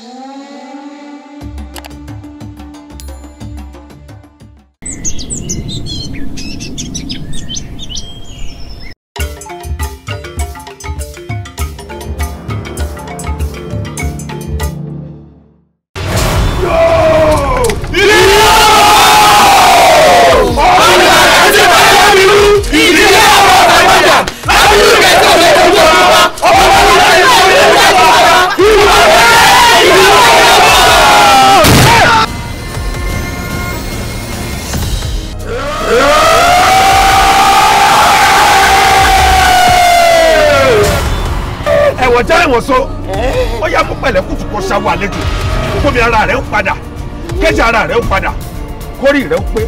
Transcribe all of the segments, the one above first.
Mm-hmm. wà lẹ́jọ́ kómi ara rẹ̀ ń padà kẹ́jà ara rẹ̀ ń padà kórì rẹ̀ ń pé.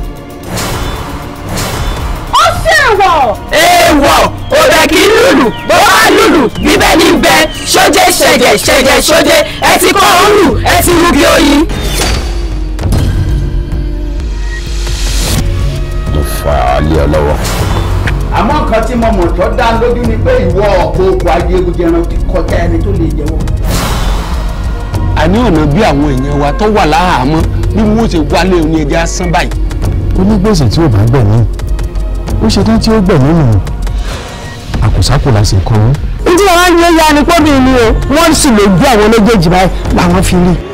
ó ṣe èèwọ̀. èèwọ̀ òbẹ̀ kì í lùlù bó wá lùlù bíbẹ́ ní bẹ ṣójé ṣẹ̀jẹ̀ ṣẹ̀jẹ̀ ṣójé ẹ ti kọ́ òrù ẹ ti rúbi oyin. mo fà á lé ọ lọ́wọ́ àmọ́ nǹkan tí mo mọ̀ tó dá lójú ni pé ìwọ ọ̀pọ̀ ayélujára ti kọjá ẹni tó lè jẹ́wọ́ a ní ọ̀nà bí àwọn èèyàn wa tó wà láhàámọ́ bí wọ́n ṣe wálé oní ẹja sán báyìí. onígbèsè tí ò bá gbẹ̀mí ó ṣe tán tí ó gbẹ̀mí nù àkùsákù la ṣe kọ́ ọ́. ìdí àwọn àyè ya ni pọ́bì ni o wọ́n sì lè gbé àwọn méjèèjì báyìí làwọn fi rí i.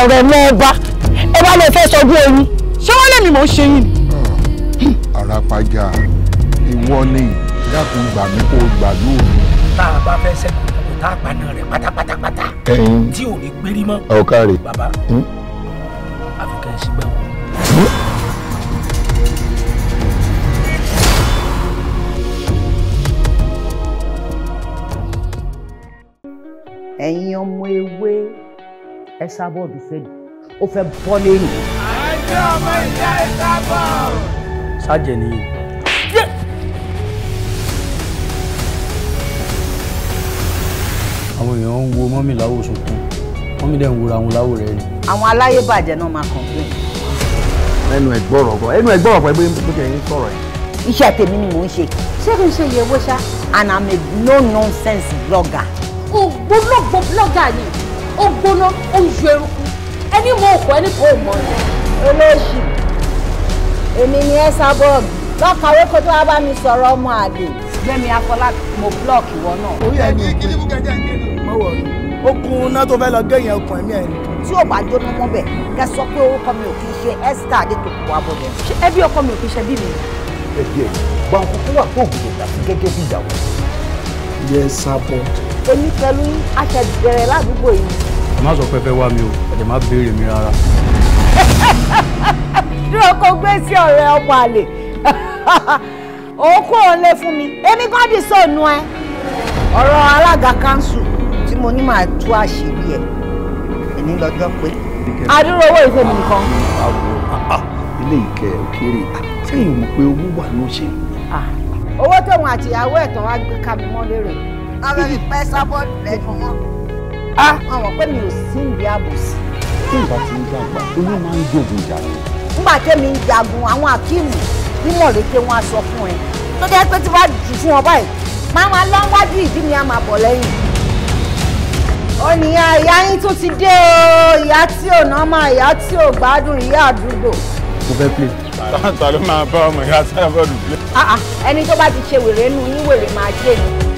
ààrẹ mọ́ ọba ẹ wá lè fẹ́ sọdún oyin ṣé wọ́n lèmi mọ̀ ń ṣe yín ni. Hmm, àràpàjà ìwọ ni dákun gbà mí kó gbà lóòrùn. tá a bá fẹ́ sẹ́kù kò tá a paná rẹ̀ pátápátápátá tí ò ní gbérí mọ́. ọ̀kárẹ̀ bàbá hmm. sá bọ́ọ̀dù sẹ́yìn ó fẹ́ bọ́ lẹ́yìn. àjọ ọmọ ìyá ẹ sá bọ́ọ̀lù. sájẹ nìyí. àwọn èèyàn ń wo mọ́mì láwò sunkún mọ́mì dẹ̀ ń wura àwọn láwò rẹ̀ rí. àwọn aláyé bàjẹ́ náà máa kàn pé. ẹnu ẹgbọrọ kan ẹnu ẹgbọrọ kan ẹgbẹ bó ti ẹyin sọ̀rọ̀ iṣẹ́ tèmi ni mò ń ṣe ṣé kí n ṣe yẹ̀wò ṣá and i'm a no nonsense blogger. ògbólógbò blogger ni ó gbóná ó ju eruku ẹni mọ òkú ẹni kò mọ ni. olóṣù èmi ni ẹ sábọ́ọ̀bù lọ́kàwé kó tó wá bá mi sọ̀rọ̀ ọmọ àlè gbẹ̀mí afọlá mo block ìwọ náà. orí ẹni ìkíni kú kẹjẹ ń gbé mọ wọ ni. okun iná tó fẹ́ lọ gé yẹn okun ẹ̀mí ẹ̀ ni. tí ò bá jóná mọ́ bẹ̀ kẹ sọ pé orúkọ mi ò kì í ṣe Esther Adétòkò abọ́dẹ. ṣé ẹbí ọkọ mi ò kì í ṣe bí mi. ẹbí ẹ gbàǹkó fún wà fún ògùn ìgbà sí gẹ́gẹ́ bí ìyàwó. yẹ sábọ. èmi pẹ̀lú aṣẹ̀bẹ̀rẹ̀ ládùúgbò yìí ẹ má sọ pepe wa mi o ẹ má mi rárá. dúró kó gbé sí ọmọ àlè òkú òun lé fún mi èmi di sọ̀nù ẹ ọ̀rọ̀ alága kanṣu tí mo ní máa tú àṣírí ẹ̀ èmi lọ́jọ́ pé adúrò owó ìfẹ́ mi nìkan. Ah, ah, ilé ìkẹ́ òkèèrè ah, sẹ́yìn mọ̀ pé owó wà ní òṣèlú. owó tóun ẹ̀ tán wá gbé á ah, àwọn pé mi ò sí ìwé àbòsí. tí ìgbà tí ń jàgbá olú máa ń jòògùn ìjà rẹ. nígbà tẹ́mi ń jagun àwọn akíìmù bí mọ̀lẹ́kẹ wọn á sọ fún ẹ tó jẹ́ pé tí wàá jù fún ọ báyìí máa máa lọ wájú ìdí mi á máa bọ̀ lẹ́yìn. ònìyàn ìyá yín tó ti dé o ìyá tí ò ná máa ìyá tí ò gbádùn ìyá àdúgbò. mo fẹ́ pè é táwọn máa bá ọmọ ìyá sábà bọ́ọ̀lù ah, ah, ẹni tó bá ti ṣe wèrè nù ní wèrè máa jẹ́ ni.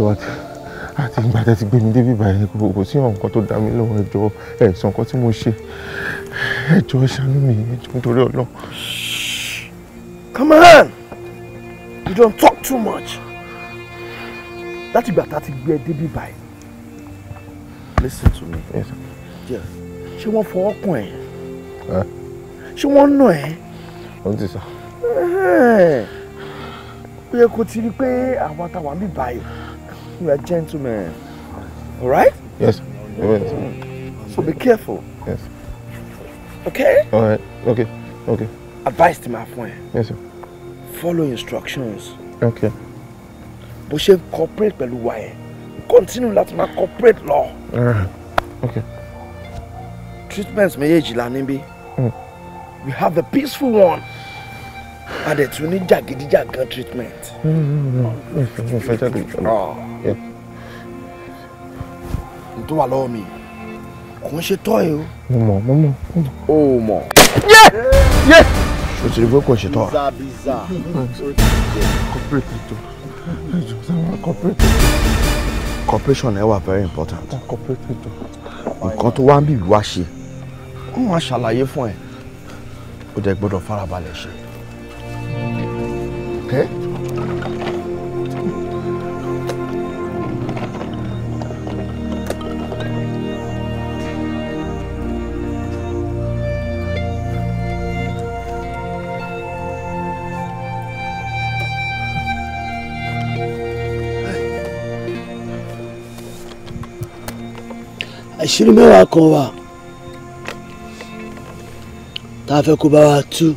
ẹjọ́ àti ìgbà tẹ́ ti gbé mi débi báyìí kò sí nǹkan tó dá mi lọ́wọ́ ẹjọ́ ẹ̀sán nǹkan tí mo ṣe ẹjọ́ ṣàánú mi ẹjọ́ nítorí ọlọ́run. Come on you don't talk too much láti ìgbà tá a ti gbé débi báyìí listen to me ṣé wọ́n fọwọ́ kàn ẹ́ ṣé wọ́n nà ẹ́. wọ́n ti sọ. ó yẹ kó ti rí i pé àwọn táwa ń bì báyìí. You are a gentleman. All right? Yes. yes. So be careful. Yes. Okay? All right. Okay. Okay. Advice to my friend. Yes, sir. Follow instructions. Okay. But she corporate pẹ̀lú wa Continue that my corporate law. All Okay. Treatments may age lanimbi. Mm. We have the peaceful one. A dẹ̀ tún ní jàgídíjàgan treatment. Mo fẹ́ jáde tó wà lọ́wọ́ mi kò ń ṣe tọ́ ẹ o. mo mọ̀ mo mọ̀ mo mọ̀. o mọ̀. yé yé. o ti rí pé kò ṣe tọ́. biza corporation ẹ wà very important. corporate to. nǹkan tó wá ń bí ìwá ṣe wọ́n máa ṣàlàyé fún ẹ o dẹ̀ gbọ́dọ̀ farabalẹ̀ ṣe. Okay? àṣírí mẹ́wàá kan wà tá a fẹ́ kó bá wa tú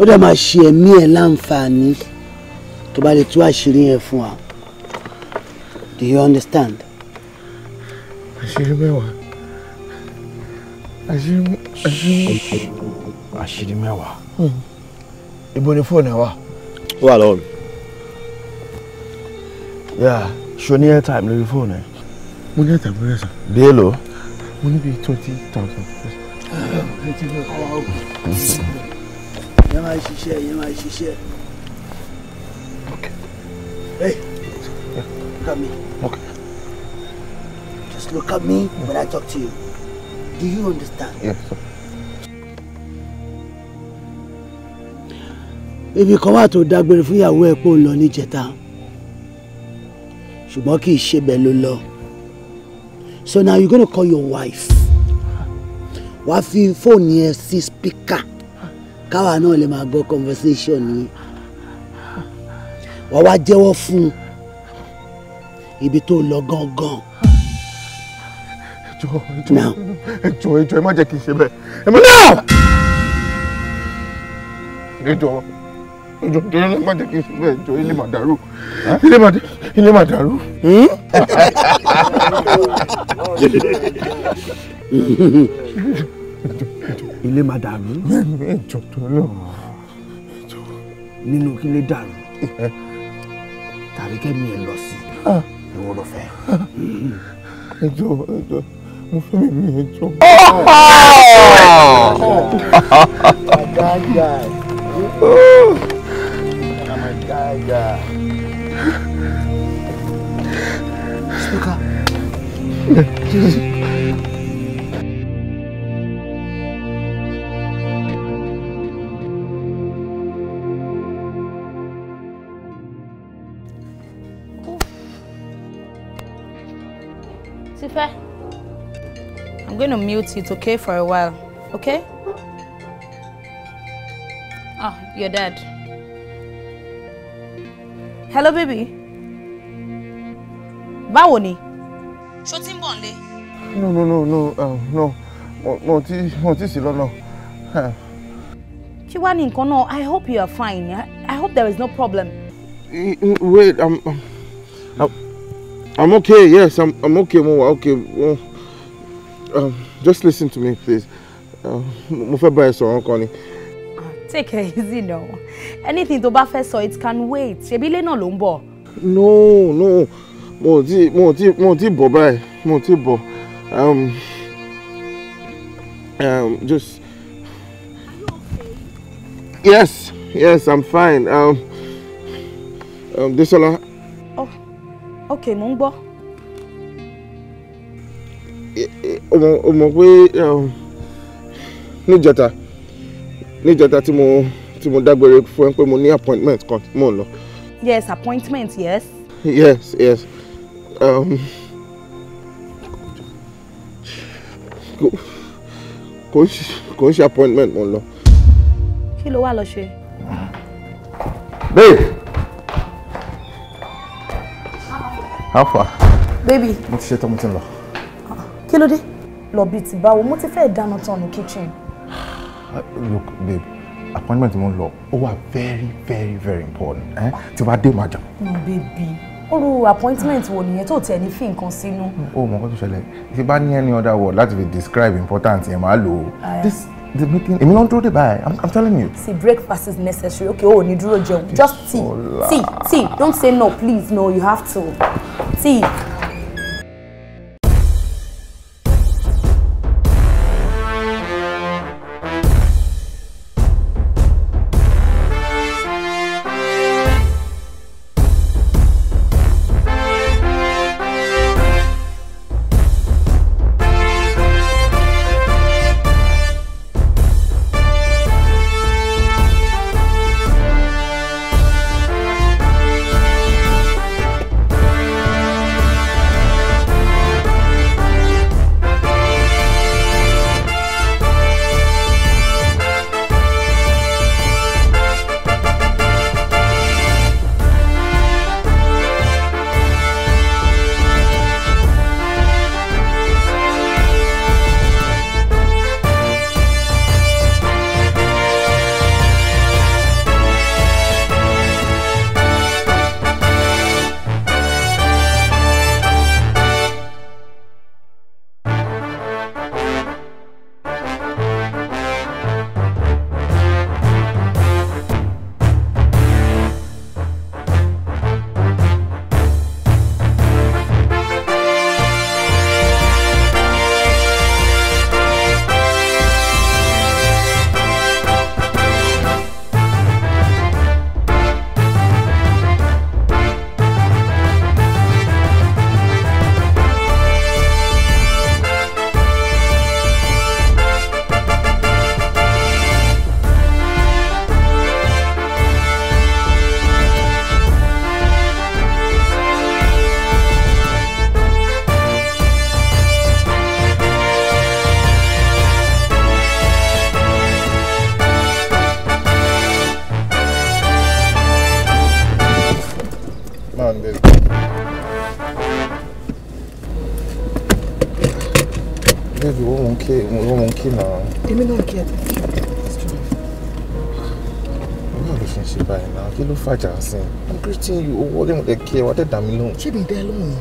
ó dẹ̀ máa ṣe ẹ̀mí ẹ̀ láǹfààní tó bá lè tú àṣírí yẹn fún wa do you understand. àṣírí mẹ́wàá àṣírí àṣírí. àṣírí mẹ́wàá. Hmm. ibo ni fóònù ẹ wà. ó wà lọ́wọ́ mi. Yeah ṣo ní airtime lórí fóònù ẹ. mo ní airtime lórí ẹ̀sán. bí èlò. mo ní bíi twenty thousand. yẹn máa ṣiṣẹ́ yẹn máa ṣiṣẹ́. Hey, look at me. Okay. Just look at me when I talk to you. Do you understand? Yes, sir. Ibi kan wà tó dágbére fún ìyàwó ẹ̀ pé ó lọ níjẹta ṣùgbọ́n kì í ṣe bẹ́ẹ̀ ló lọ so now you gonna call your wife wàá fi fóònù yẹn sí spíkà káwa náà lè máa gbọ́ conversation yìí wàá wá jẹ́wọ́ fún ibi tó lọ gangan ẹjọ ẹjọ ẹjọ ẹjọ ẹ má jẹ́ kí n ṣe bẹ́ẹ̀ ẹ má ìjọ torí náà má jẹ́ kí n sùn bẹ́ẹ̀ jọ ilé mà dàrú ilé mà dàrú. Hmm? ilé mà dàrú. bẹ́ẹ̀ni ìjọ torí náà. nínú kí lè dàrú tàbí kẹ́mi ẹ̀ lọ sí ni ah. wọ́n lọ fẹ́. Ah. ẹjọ ẹjọ mo fẹ́ mi ní ẹjọ. Oh! Oh! Oh! Ah. That my God. Snooker. Tifa, I'm going to mute it, okay, for a while, okay? Ah, oh, your dad. hello baby báwo ni. ṣó tí ń bọ̀ nílé. no no no no uh, no mo ti mo ti sí lọ́nà. ṣé wàá ní nǹkan náà i hope you are fine i, hope there is no problem. wait i'm i'm, I'm, okay yes i'm i'm okay mo wa okay mo um, just listen to me please uh, mo fẹ́ bá ẹ sọ̀rọ̀ kan ni take care, easy now anything tó bá fẹ́ sọ it can wait ṣebí ilé náà ló ń bọ̀. no no mo ti, mo ti, mo ti, tí báyìí mo ti, tí um, um, just yes yes i'm fine um, um, Desola. oh okay mo ń gbọ́. o mọ̀ o mọ̀ pé um, níjẹta. Um, níjẹta tí mo tí mo dágbére fún ẹ pé mo ní appointment kan tí lọ. yes appointment yes. yes yes. Um, kò ń ṣe appointment mo lọ. kí ló wà lọ ṣe. babe how far. baby. mo ti ṣe tán mo ti ń lọ. kí ló dé lọ bíi ti báwo mo ti fẹ́ dáná tán ní kitchen. Uh, look babe appointment mo ń lọ ó wà very very very important eh? tí wàá dé màá jà. no baby olú appointment wo nìyẹn tó tẹ̀ ní fi nǹkan sínú. o mọ nǹkan tó ṣẹlẹ̀ tí bá ní any other word láti fi describe important yẹn máa lò ó ah, this the meeting èmi ló ń dúró dé báyìí i'm i'm telling you. see breakfast is necessary okay o ò ní dúró jẹun just tea tea tea don't say no please no you have to tea. greeting i'm greeting you o wọlé mo dé kí ẹ wá dé dà mí lóhùn. ṣé mi dá ẹ lóhùn ni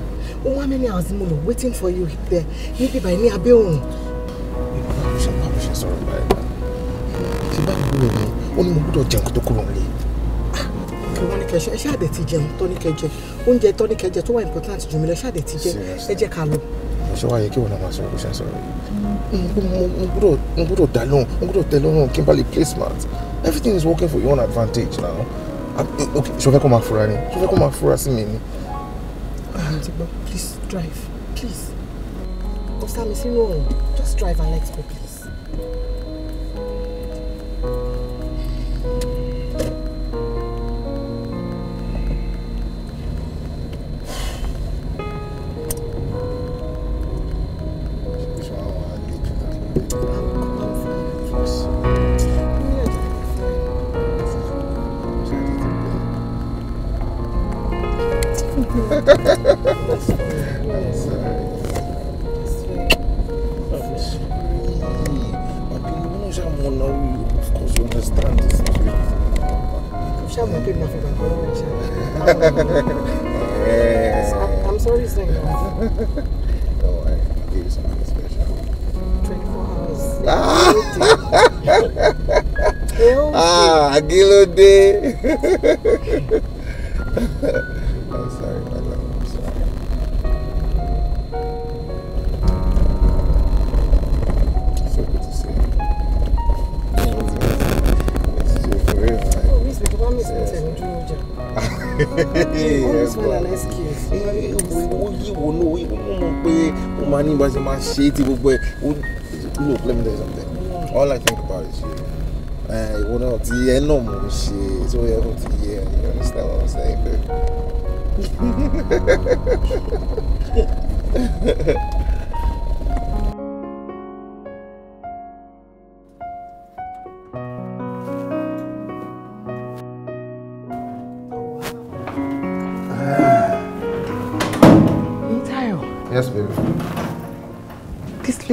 ó wá mẹ́ni hours mo lò waiting for you there níbi báyìí ní abẹ́ òun. ìgbà wo ṣe bá mi ṣe sọ̀rọ̀ báyìí ṣe bá mi kúrò ní ó ní mo gbọ́dọ̀ jẹun kó tó kúrò nílé. kí ah, wọ́n ní kẹ́ ṣe ẹ ṣáà dẹ̀ ti jẹun tó ní kẹ́ jẹ oúnjẹ tó ní kẹ́ jẹ tó wà important jù mí lọ ṣáà dẹ̀ ti jẹ ẹ jẹ́ ká lọ ṣe wáyé kí wọn náà máa sọ ìgbésẹ̀ sọ̀rọ̀ yìí mo gbọ́dọ̀ dá lóhùn mo gbọ́dọ̀ tẹ́ lọ́rùn kí n bá lè place smart everything is working for your own advantage now. Ah, ok ṣo fẹ́ kó máa fura ni ṣo fẹ́ kó máa fura sí mi ni. àǹtí ah, gbọ́ please drive please. ó sá mi sínú ọ̀run just drive and let's go please. shady gbogbo ẹ look let me tell you something all I think about is you eh, ìwọ náà ti ẹ náà mò ń ṣe tí yẹ kó ti yẹ ẹ you understand what I'm saying babe.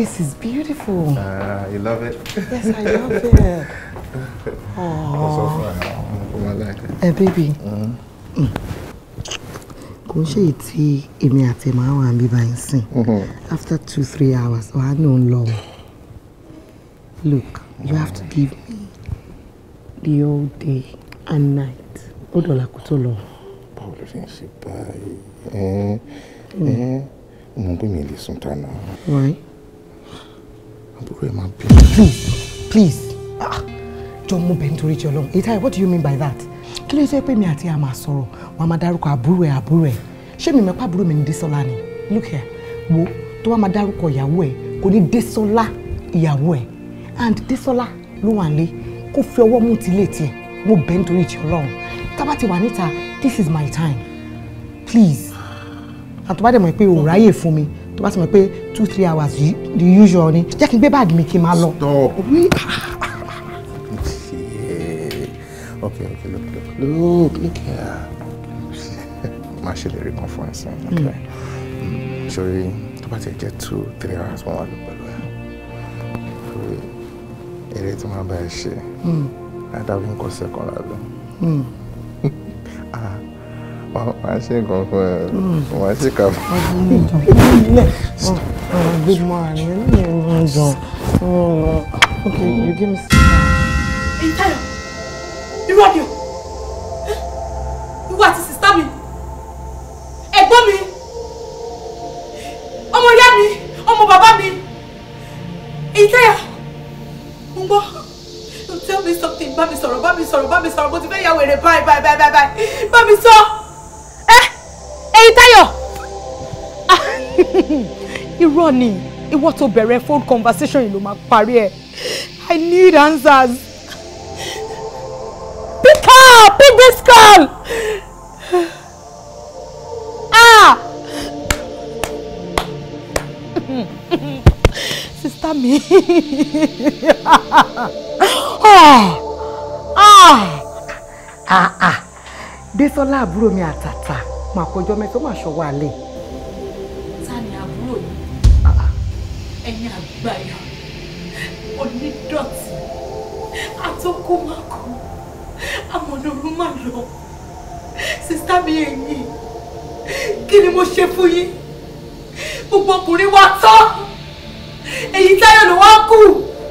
place is beautiful. Ah, you love it? Yes, I love it. Oh. I like it. Hey, baby. Mm-hmm. Kò ń ṣe tí èmi àti mm-hmm. After two, three hours, wàá nù ń Look, you have to give me the whole day and night. Ó dọ̀là kó tó lọ. Báwo ló ṣe Why? Please, please ah, jọ mú bẹ́ẹ̀ to reach your èyí táyà what do you mean by that kí ló sọ pé mi àti àmà sọ̀rọ̀ wọn a máa dárúkọ àbúrò ẹ̀ àbúrò ẹ̀ ṣé mi mẹ́pà àbúrò mi ní Désọ́lá ni look here wo tó wá máa dárúkọ ìyàwó ẹ̀ kò ní Désọ́lá ìyàwó ẹ̀ and desola, ló wà lé kó fi ọwọ́ mú tilé tiẹ̀ mo bẹ́ẹ̀ to reach your tábà Tabati wanita. this is my time please àtúbádẹ́mọ̀ pé ò ráyè fún mi tó bá ti mọ̀ pé two three hours the usual ni jẹ́ kí n gbé báàgì mi kí n máa lọ. stop okay okay look look look look here máa ṣe lè rí kan fún ẹsẹ̀ mm. okay mm, sorry tó bá ti jẹ́ two three hours wọ́n wà lọ pẹ̀lú ẹ̀ eré tí wọ́n bá ẹ ṣe ládàá bí n ṣe kan lábẹ́. Mm. Ah, wàá ṣe nǹkan fún ẹ hmm. wàá ṣe kà fún ẹ. ọdún ìjọ fún ilé ọ̀rọ̀ gbogbo àná ní ìlú ìjọ ok you give me some. èyí tayo irú ọdẹ o ìwọ àti sista mi ẹ̀gbọ́n mi ọmọ ìyá mi ọmọ bàbá mi èyí tayo ń gbọ́ tell me something bá mi sọ̀rọ̀ bá mi sọ̀rọ̀ bá mi sọ̀rọ̀ mo ti fẹ́ yà wèrè báyìí báyìí báyìí báyìí bá mi sọ. irọ́ ni ìwọ tó bẹ̀rẹ̀ phone conversation yìí ló máa parí ẹ̀ I need answers pick up pick this call ah sister mi ah ah ah ah Désọ́lá àbúrò mi àtàtà màkọjọ́ mẹ́tọ́ màṣọ wà lẹ́yìn. kó má kú àmọ̀nà òun má lọ sista mi ẹ̀yìn kí ni mo ṣe fún yín gbogbo ọkùnrin wa tán èyí táyọ̀ ló wá kù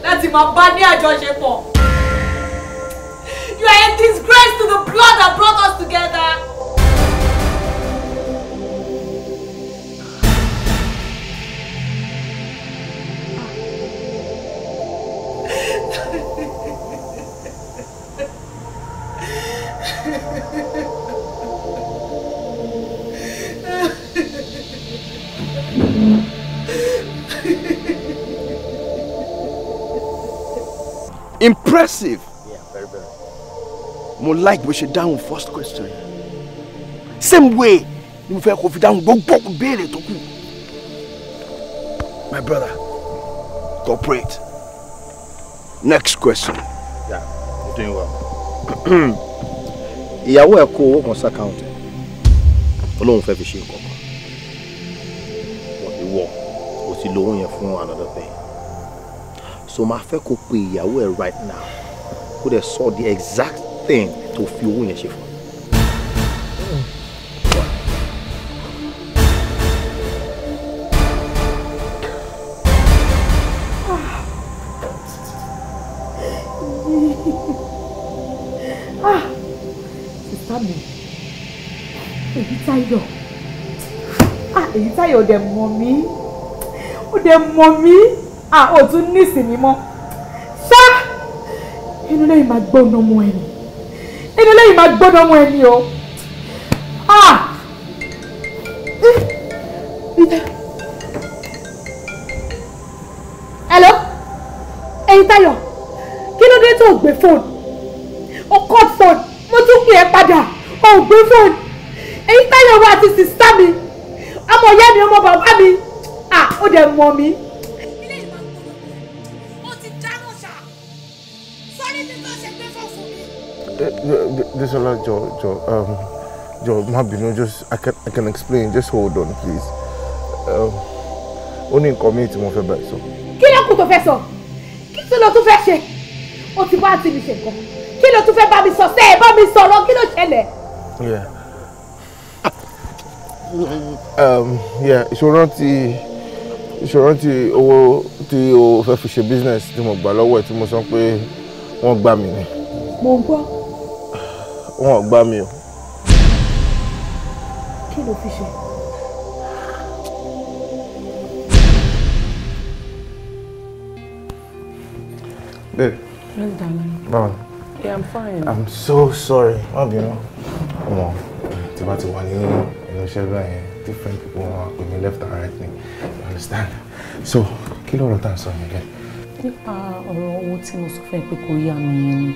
láti máa bá ní àjọṣepọ̀ you are a disgrace to the blood that brought us together. impressive. Yeah, very, very. More like we should dáhùn first question Same way you mo fẹ́ kó fi dáhùn gbogbo béèrè My brother, cooperate. Next question. Yeah, you're doing well. Ìyàwó ẹ̀ kó owó kan sí àkáǹtì. Olóhùn fẹ́ fi ṣe nǹkan kan. Ìwọ, o ti lo owó yẹn another thing so máa fẹ́ kó pe ìyàwó ẹ̀ right now kó dẹ̀ sọ the exact thing tó fi owó yẹn ṣe fún un. Táyọ̀ ah èyí Táyọ̀ dẹ̀ mọ̀ mí ó dẹ̀ mọ̀ mí à ah, ò tún nísìmí mọ́ ṣá inú lẹ́yìn máa gbóná ọmọ ẹni inú lẹ́yìn máa gbóná ọmọ ẹni o ah! eh, hello ẹyin Táyọ̀ kí ló dé tó o gbé fóònù o kọ́ fóònù mo tún pè é padà o gbé fóònù ẹyin Táyọ̀ wá àti sìsá mi ọmọ ìyá mi ọmọ bàbá mi ah ó dẹ̀ mọ̀ mi. Desola, Joe, Joe, um, Joe, Mabino, just I can I can explain. Just hold on, please. Um, ó ní nǹkan míì tí mo fẹ́ bá ẹ sọ. Kí ló kù tó fẹ́ sọ? Kí tó lọ tún fẹ́ ṣe? O ti bá àti mi ṣe nǹkan. Kí ló tún fẹ́ bá mi sọ? Ṣé Yeah. Um, yeah, ìṣòro ti ìṣòro ti owó tí Oh, fẹ́ fi ṣe business tí mo gbà lọ́wọ́ ẹ̀ tí mo sọ pé wọ́n gbà wọn ò gbá mi o. kí ló fi ṣe. babe. yes darling. báwo. yeah i'm fine. i'm so sorry má bínú. ọmọ tí bá ti wà ní ẹnu báyẹn different people wọn wá pè mí left and right ni you understand so kí ló rọ̀ tá à sọ yẹn gẹ́gẹ́ nípa ọ̀rọ̀ owó tí mo sọ fún ẹ pé kò yá mi yẹn ni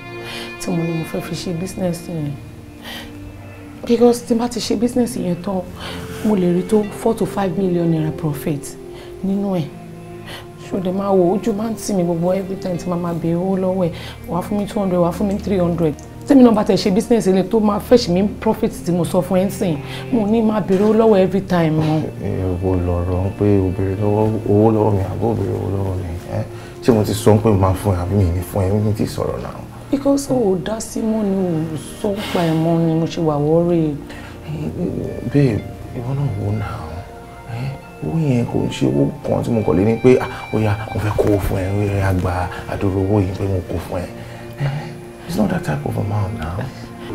tí mo ní mo fẹ́ fi ṣe business yẹn because tí n bá ti ṣe business yẹn tán mo lè rí tó four to five million naira profit nínú ẹ̀ ṣòdè máa wò ojú máa ń tì mí gbogbo every time tí màá máa bèèrè owó lọ́wọ́ ẹ̀ wàá fún mi two hundred wàá fún mi three hundred tẹ́mi náà bá tẹ̀ ṣe business ilé tó máa fetch mi profit tí mo sọ fún ẹ sìn mo ní máa béèrè owó lọ́wọ́ every time. ẹ wo lọ̀rọ̀ pé obìnrin lọ́wọ́ owó lọ́wọ́ mi àbó obìnrin owó lọ́wọ́ mi ẹ́ ṣé mo ti sọ pé mo máa fún ẹ àbí mi ní fún ẹ mi ti sọ̀rọ̀ náà. because o ò dá sí mọ́ ni o ò sọ pa ẹ̀ mọ́ ni mo ṣe wà wọ́ọ̀rì. babe ìwọ náà wò náà owó yẹn kò ń ṣe owó kan tí mo kọ̀ lé ní pé ah, ó yá mo fẹ́ kó fún ẹ ó yá gba àdúró owó yìí pé mo kó fún ẹ it's not that type of amount now.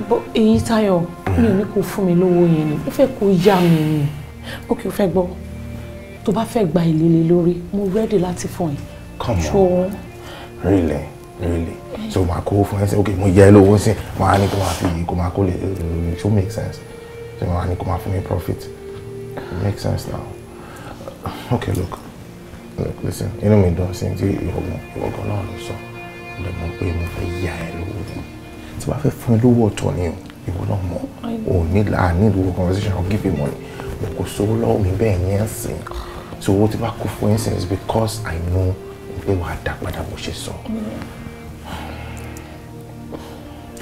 but èyí Táyọ̀ mi ò ní kó fún mi lówó yẹn ni ó fẹ́ kó yá mi ni ó kì í fẹ́ gbọ́ tó bá fẹ́ gba ìlélẹ̀ lórí mo rẹ́dì láti fún ẹ come on really really so my kó fún ẹ sí ok mo yẹ ẹ lówó sí máa ní kó máa fi kó máa kó lè eh, ṣó make sense so máa ní kó máa fún mi profit make sense now Okay, look look listen inú mi dùn sí ti ìwọ̀gbọ̀n ìwọ̀gbọ̀n náà ló sọ ọ̀dọ̀ mo pé mo fẹ́ yá ẹ lówó ni tí wàá fẹ́ fún ẹ lówó ọ̀tọ̀ ni o ìwọ náà mọ̀ o ní I need to conversation I'll give you money mo kò sówó lọ́wọ́ mi bẹ́ẹ̀ yẹn sìn so owó tí bá kó fún ẹ because I know mo máa dá padà bó ṣe sọ.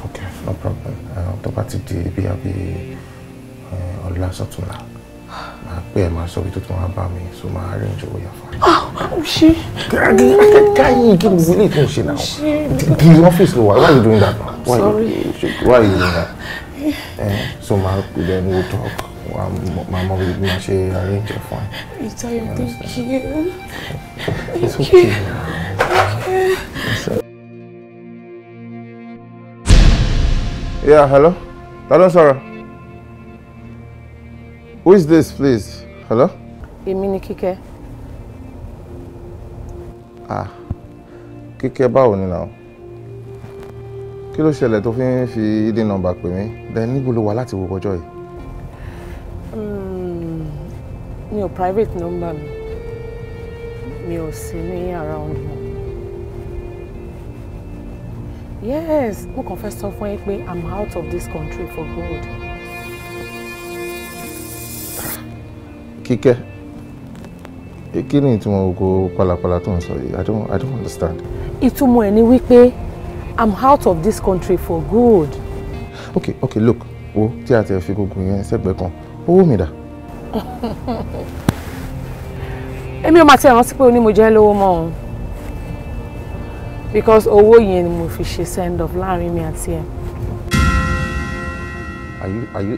ok no problem eh, tó bá ti di bí abí ọ̀la sọ̀túnla máa pé ẹ̀ máa sọ bí tó tún wá bá mi so máa arrange owó yà fún mi. Ah, ó ṣe. káyìn kí ni ilé ìtàn ṣe náà di ọ́fíìsì ló wà why you doing that now why you doing that eh, so máa pè lẹ́nu ó tọ́ ọkọ màá mọ bí mo ṣe arrange ẹ̀ fún ẹ. Ìtayọ̀ thank you. It's okay. okay. Yeah, hello? Hello, Sarah. Who is this, please? Hello? Èmi ni Ah, Kíkẹ́ báwo ni náà? Kí ló ṣẹlẹ̀ tó fi ń fi ìdí nọ́mbà pè mí? Then níbo ló wà láti wo joy. mi ò private number mi mi ò sí ní around mo. yes mo kàn fẹ́ sọ fún yín pé i'm out of this country for good. kíkẹ́ kí ni ìtumọ̀ gbogbo pálapàla tó ń sọ yìí i don't i don't understand. ìtumọ̀ ẹ̀ ni wípé i'm out of this country for good. okay okay look wo tí a ti fi gbogbo yẹn sẹ́gbẹ̀ẹ́ kan owó mi dà. èmi ò máa ti rántí pé o mo jẹ́ lówó mọ́ òun because owó yẹn ni mo fi ṣe send off láàrin mi àti ẹ. are you are you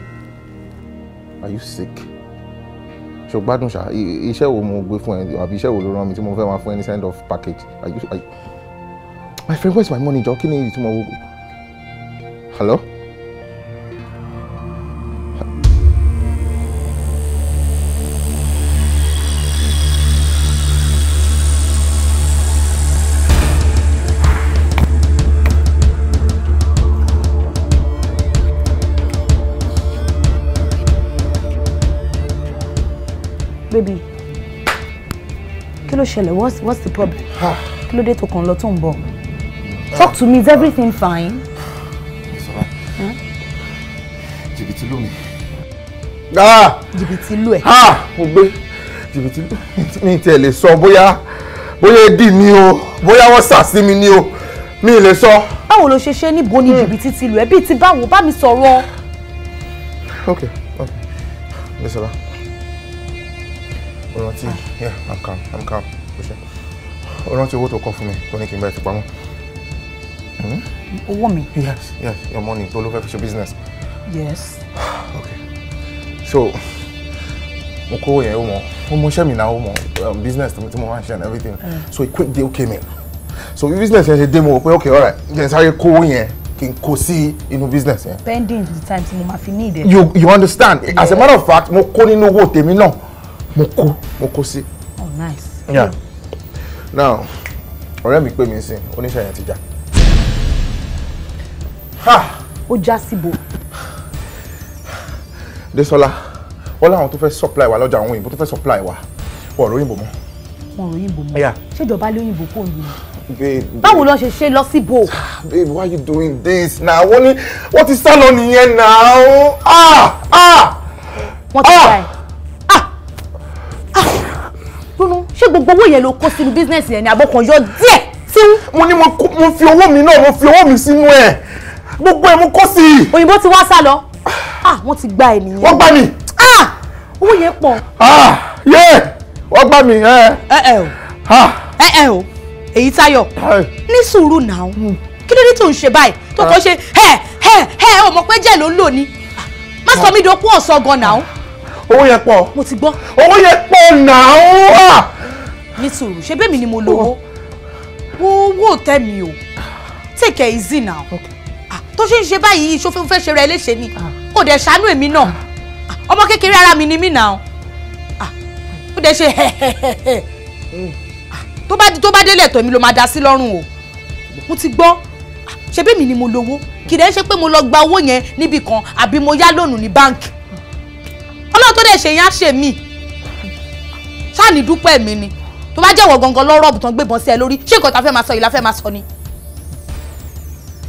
are you sick? So gbádùn ṣá iṣẹ́ wo mo gbé fún ẹ àbí iṣẹ́ wo ló rán mi tí mo fẹ́ máa fún ẹ send off package are you are you my friend where is my money jọ kí ni ìtumọ̀ wo hello. ló ṣẹlẹ̀ what's what's the problem kí ló dé tó kàn lọ tó ń bọ̀ ah. talk to me is everything fine. ìsọ̀rọ̀ jìbìtì ló mi. Ah! jìbìtì ló ẹ̀. mo gbé jìbìtì mi tiẹ̀ lè sọ bóyá bóyá dì mí o bóyá wọ́n sà sí mi ni o mi lè sọ. báwo ló ṣe ṣe níbo ni hmm. jìbìtì ti lù bíi ti báwo bá mi sọ̀rọ̀. ok ok Bisola. Okay o yeah i'm calm i'm calm o ṣe o rántí owó tó kọ fún mi tó ní kí n bá ẹ ti pamọ́. Hmm? owó mi. yes yes your money tó ló fẹ́ fi ṣe business. yes. okay so mo kó owó yẹn ó mọ ó mọ iṣẹ́ mi náà ó mọ um, business tí mo máa ń ṣe and everything mm. so a quick deal came in so business yẹn ṣe dé mo wò pé okay alright jẹ́ n sáré kó owó yẹn kí n kó sí inú business yẹn. pending the time tí mo máa fi ní ìdẹ. you you understand as a matter of fact mo kó nínú owó tèmi náà mo kó mo oh nice. yeah now ọ̀rẹ́ mi pè mí sí oníṣẹ́ yẹn ti Ha. ó já síbo. Desola wọ́n láwọn tó fẹ́ supply wa lọ́jà àwọn òyìnbó tó fẹ́ supply wa wọ́n ọ̀rọ̀ òyìnbó mọ́. wọn ò òyìnbó mọ́ ṣé ìjọba lé òyìnbó kò ní. báwo ló ṣe ṣe lọ síbo. Ah, babe why you doing this na wọ́n ní wọ́n ti sá lọ nìyẹn náà. Ah, ah. wọ́n ti sá ẹ̀. ṣé gbogbo owó yẹn ló kó sínú bísínẹ́sì yẹn ni àbọ̀kan yọ díẹ̀ tí. mo ní mo fi owó mi náà mo fi owó mi sínú ẹ gbogbo ẹ mo kó sí i. òyìnbó ti wá sá lọ ah, wọ́n ti gba ènìyàn. wọ́n gbà mí. Ah, owó yẹn pọ̀. Ah, yé wọ́n gbà mí. o ẹ o èyí Táyọ̀ ní sùúrù náà hmm. kí ló dé tó ń ṣe báyìí tó kàn ṣe ẹ o mọ̀ pé jẹ́ ló ń lò ní má sọ mi dòkú ọ̀sán gan náà. owó yẹn pọ̀. mo ti gbọ́. owó yẹn pọ̀ náà ní sùúrù ṣe bẹ́ẹ̀ mi ni mo lówó wo owó tẹ́ mi o take it easy now ah, tó ṣe ń ṣe báyìí ṣòfin fẹ́ ṣe ra eléṣe ni ah. ó dẹ̀ ṣàánú èmi náà ah. ọmọ kékeré ara mi ni mí now ó dẹ̀ ṣe hmm. tó bá tó bá délẹ̀ tọ̀ mi ló máa dá sí lọ́rùn o mo ti gbọ́ ṣebí mi ni mo lówó kì í dẹ́ ṣe pé mo lọ gba owó yẹn níbì kan àbí mo yá lónù ní báǹkì ọlọ́run tó dẹ̀ ṣe yẹn á ṣe mí ṣáà ní dúpẹ́ mi ni tó bá jẹ́wọ́ gangan lọ́rọ̀ ọ̀bùtàn gbébọn sí ẹ lórí ṣé nǹkan tá a fẹ́ máa sọ yìí la fẹ́ máa sọ ni.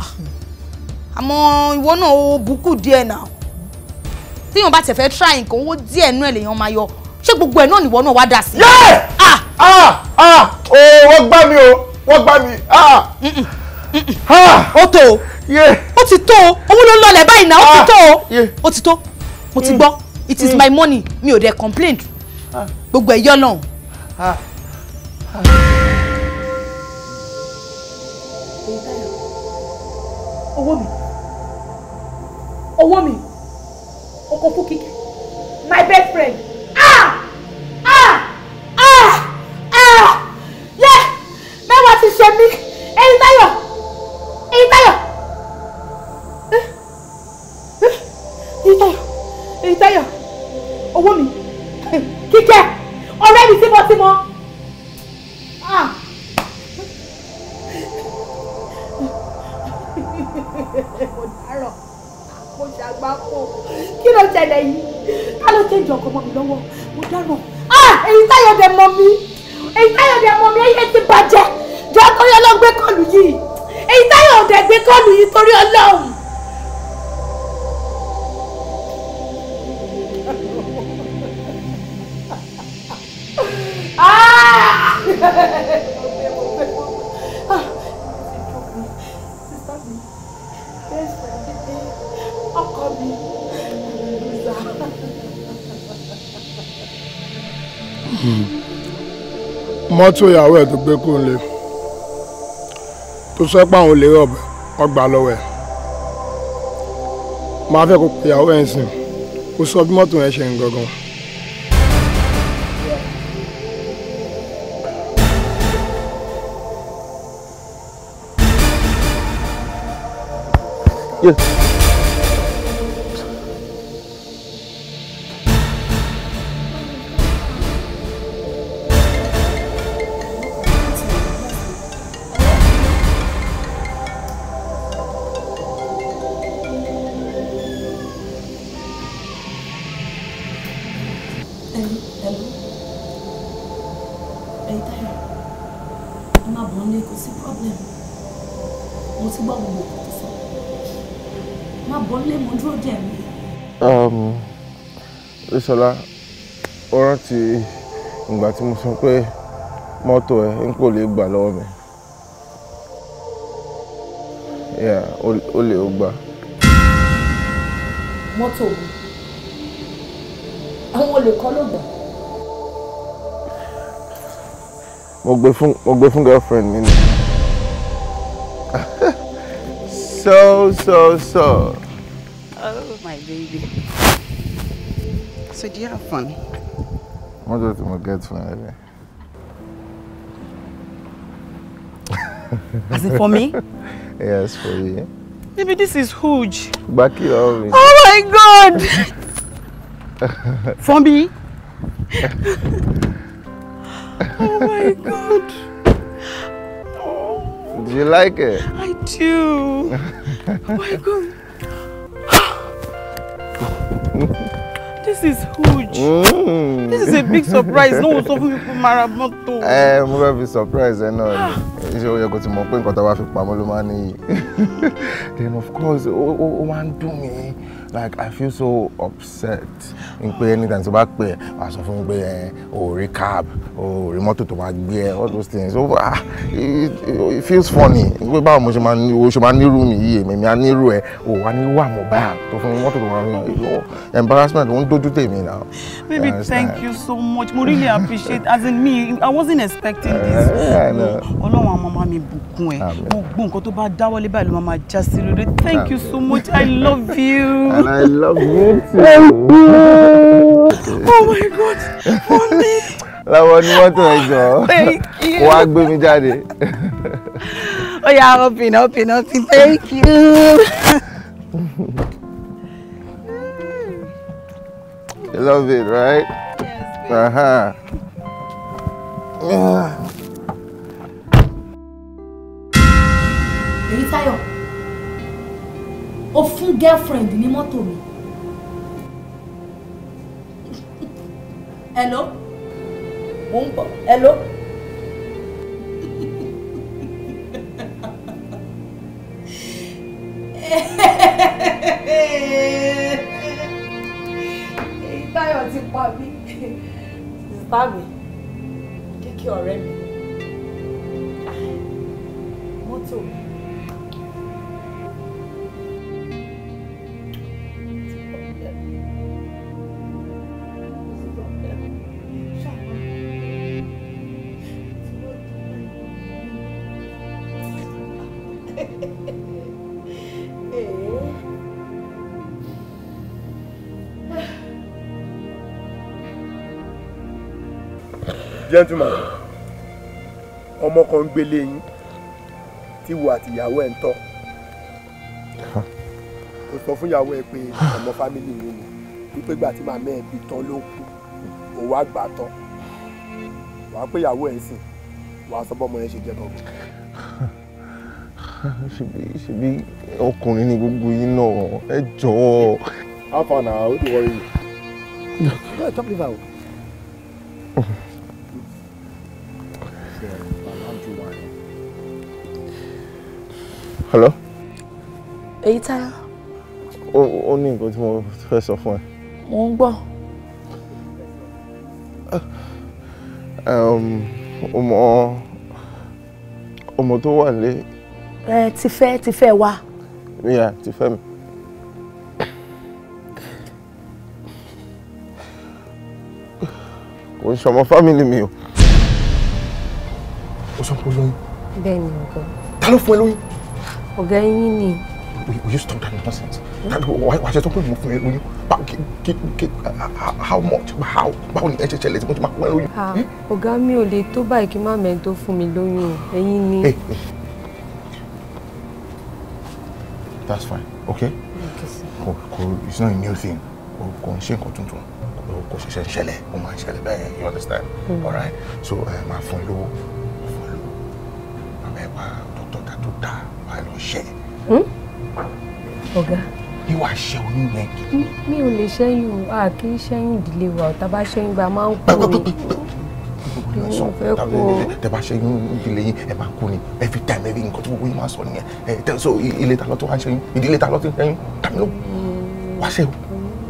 Ah, àmọ́ ìwọ náà ó bùkù díẹ̀ náà tíyàn bá tẹ̀ fẹ́ try nǹkan owó díẹ̀ nú ẹ̀ lèèyàn máa yọ ṣé gbogbo ẹ̀ náà nìwọ náà wá dà sí. yẹ́ẹ̀ ah ah, ah! wọ́n gbá mi o wọ́n gbá mi ah. ah! ó tó ó ti tó owó ló ń lọlẹ̀ báyìí náà ó ti tó ó ti tó mo ti mm. gbọ́ it is mm. my money mi ò dẹ̀ complain gbogbo ẹ̀ yọ náà owó mi owó mi ọkọ fún kíkẹ́ my best friend. mọ́tò ìyàwó ẹ̀ tó gbé kó lè tó sọ pé àwọn olè rọ̀bẹ ọgbà lọ́wọ́ ẹ̀ máa fẹ́ kó pe ìyàwó ẹ̀ ń sìn kó sọ bí mọ́tò yẹn ṣe ń gangan. Yeah. Ṣọlá ó rántí ìgbà tí mo sọ pé mọ́tò ẹ̀ ń pò lè gbà lọ́wọ́ mi ó lè ó gbà. mọ́tò mi àwọn olè kọ́ ló gbà. mo gbé fún mo gbé fún girlfriend mi ni. so so so. oh my baby. So do you have fun? What do you get fun anyway? As in for me? yes, for you. Maybe this is huge. Back it up. Oh my God! for me? oh my God! Do you like it? I do. oh my God. This is huge. Mm. This is a big surprise. No one sọ fún mi pé mara mọ́tò. Ẹ eh, mo fẹ́ fi surprise ẹ náà ni. Ṣé o yẹ kó ti mọ̀ pé nǹkan tó Then of course, ó máa me, Like I feel so upset ń pé anytime tó bá pè wà sọ fún pé ẹ rí cab ò rí mọ́tò tó máa gbé all those things so ah it, it feels funny pé báwo mo ṣe máa ní o ṣe máa nírú mi yìí èmi mi á nírú ẹ ò wá ní wà mọ̀ báyà tó fún mọ́tò tó máa fi hàn embarrassment ló ń dojú tèmi náà. baby thank you so much mo really appreciate as in me i wasn't expecting this eh, eh, oh, ọlọ́run àwọn ọmọ mi bùkún ẹ gbogbo nǹkan tó bá dáwọ́lé báyìí ló máa máa já sí rere thank you so much i love you. and i love you too oh my god wọlé. láwọn ní mọ́tò ẹ jọ wọ́n á gbé mi jáde. ó oh yá open open open thank you. you love it right. yes Uh -huh. yeah. Èyí Táyọ̀, o fún girlfriend ní mọ́tò mi. Hello? Mo ń bọ̀. Hello? Táyọ̀ ti pa mí. Sìtá mi, kíkí ọ̀rẹ́ mi, mọ́tò mi. gentleman ọmọ kan ń gbélé yín tí wo àtìyàwó ẹ̀ ń tọ́ o sọ fún ìyàwó ẹ pé ọmọ fámìlì yìí ni wípé ìgbà tí màmá ẹ bí tán ló kú òwò àgbà tán wàá pé ìyàwó ẹ ń sìn wàá sọ bọ́mọ ẹ ṣe jẹ bọ́ọ̀bù. ṣebí ṣebí ọkùnrin ni gbogbo yín náà ẹ jọ̀ọ́. how far na how do worry you. you no talk liver o. Táyọ̀. ó ní nǹkan tí mo fẹ́ sọ fún ẹ. mo ń gbọ́. ọmọ ọmọ tó wà lé. ẹ ti fẹ́ ti fẹ́ wa. ìyá ti fẹ́ mi. kò ń ṣọmọ fámìlì mi o. ó sọ pé ó lóyún. bẹ́ẹ̀ ni ọ̀gá. ta ló fún ẹ lóyún. ọ̀gá yín ni will, will you stop that nonsense? That, why, why just open move me? Will you? Get, get, uh, how much? How? Báwo ni HHL is going to make well? Ah, ọ̀gá mi ò lè tó báyìí kí má mẹ́ńtó fún mi lóyún o. Ẹ̀yin That's fine, okay? Kò kò it's not a new thing. Kò kò ń ṣe nǹkan tuntun. Kò ṣẹ̀ṣẹ̀ ń ṣẹlẹ̀. Ó máa ń ṣẹlẹ̀ bẹ́ẹ̀ you understand? Mm. All right? So màá fún yín lówó. Màá fún yín lówó. Màmá ẹ̀ wá dókítà tó dáa wà lọ ṣẹ́ ọ̀gá. ìwà ṣẹ́yún yẹn. mi ò lè ṣẹ́yún o a kì í ṣẹ́yún ìdílé wa ọ̀tá bá ṣẹ́yún bá máa ń kú ni. tẹ bá ṣẹ́yún ìdílé yín ẹ máa kú ni every time every nǹkan tí gbogbo yín máa sọ nìyẹn ẹ tẹ so ilé ta ló tó wá ṣẹ́yún ìdílé ta ló ti ṣẹ́yún tàbí ló wá ṣẹ́ o.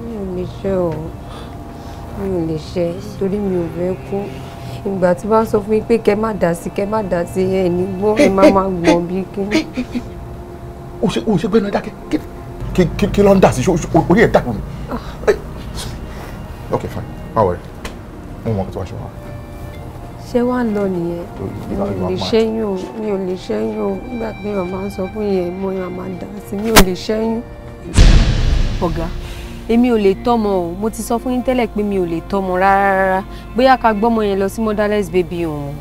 mi ò lè ṣe o mi ò lè ṣe torí mi ò fẹ́ kú ìgbà tí wọ́n sọ fún mi pé kẹ́ má dà sí kẹ́ má dà sí ẹ̀ ní gbọ́ ẹ má má gbọ́ bí kí. o ṣe o ṣe gbẹ́nu ẹ dákẹ́ kí ni kí kí ló ń dà sí orí ẹ̀ dàrú ni. Ah. ok fine má wọrí mo mọ kí tó wá ṣe wá. ṣé wàá lọ nìyẹn mi ò lè ṣẹ́yún o mi ò lè ṣẹ́yún o nígbà pé ọmọ ń sọ fún yẹn mo yàn máa dà sí mi ò lè ṣẹ́yún. ọ̀gá èmi ò lè tọ́mọ o mo ti sọ fún yín tẹ́lẹ̀ pé mi ò lè tọ́mọ rárá bóyá ká gbọ́mọ yẹn lọ sí motherless baby òun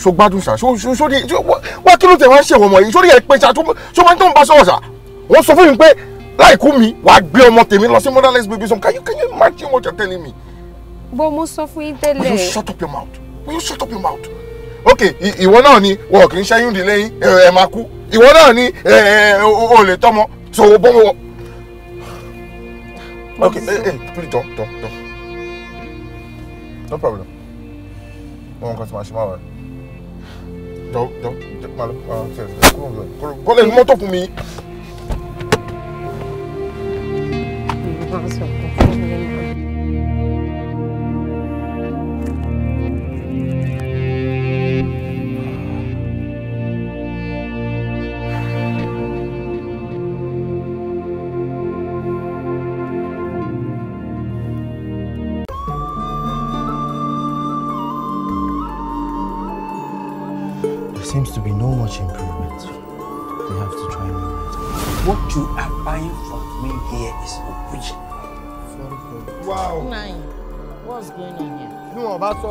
so gbádùn ṣá sórí wá kí ló tẹ̀ wọ́n ṣe wọ́n mọ̀ yìí sórí ẹ̀ pé ṣá tó máa ń tó ń bá sọ̀rọ̀ ṣá wọ́n sọ fún mi pé láìkú mi wàá gbé ọmọ tèmi lọ sí motherless baby some can you can you imagine what you're telling me. bó mo sọ fún yín tẹ́lẹ̀. will you shut up your mouth will you shut up your mouth. ok ìwọ náà ni wọn kì í ṣẹ́yún ìdílé yín ẹ máa kú ìwọ náà ni o lè tọ́mọ so bó mo. ok eh, eh, please don don don no problem. wọn kàn ti máa ṣe máa wà rẹ. Donc, donc, don't, madam. le pour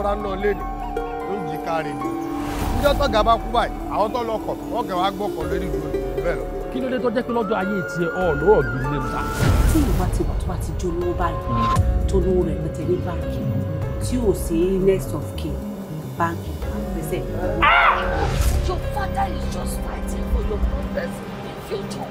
bá ná lẹ́nu ló ń jìká rẹ̀ ni níjọ́ tọ́gà bá kú báyìí àwọn tó lọkọ̀ wọ́n kẹ̀ wá lórí ìgbòho bẹ́ẹ̀ lọ. kí ló dé tó jẹ́ pé lọ́jọ́ ayé tiẹ̀ ọ̀ lọ́rọ̀ gidi lè ta. tí ìlú bá ti wà tó bá ti jó lówó báyìí hmm. tó lówó rẹ̀ lọ́tẹ̀ ní báńkì tí ò sí next of kin báńkì pèsè. Ah! Your father is just fighting for your progress in future.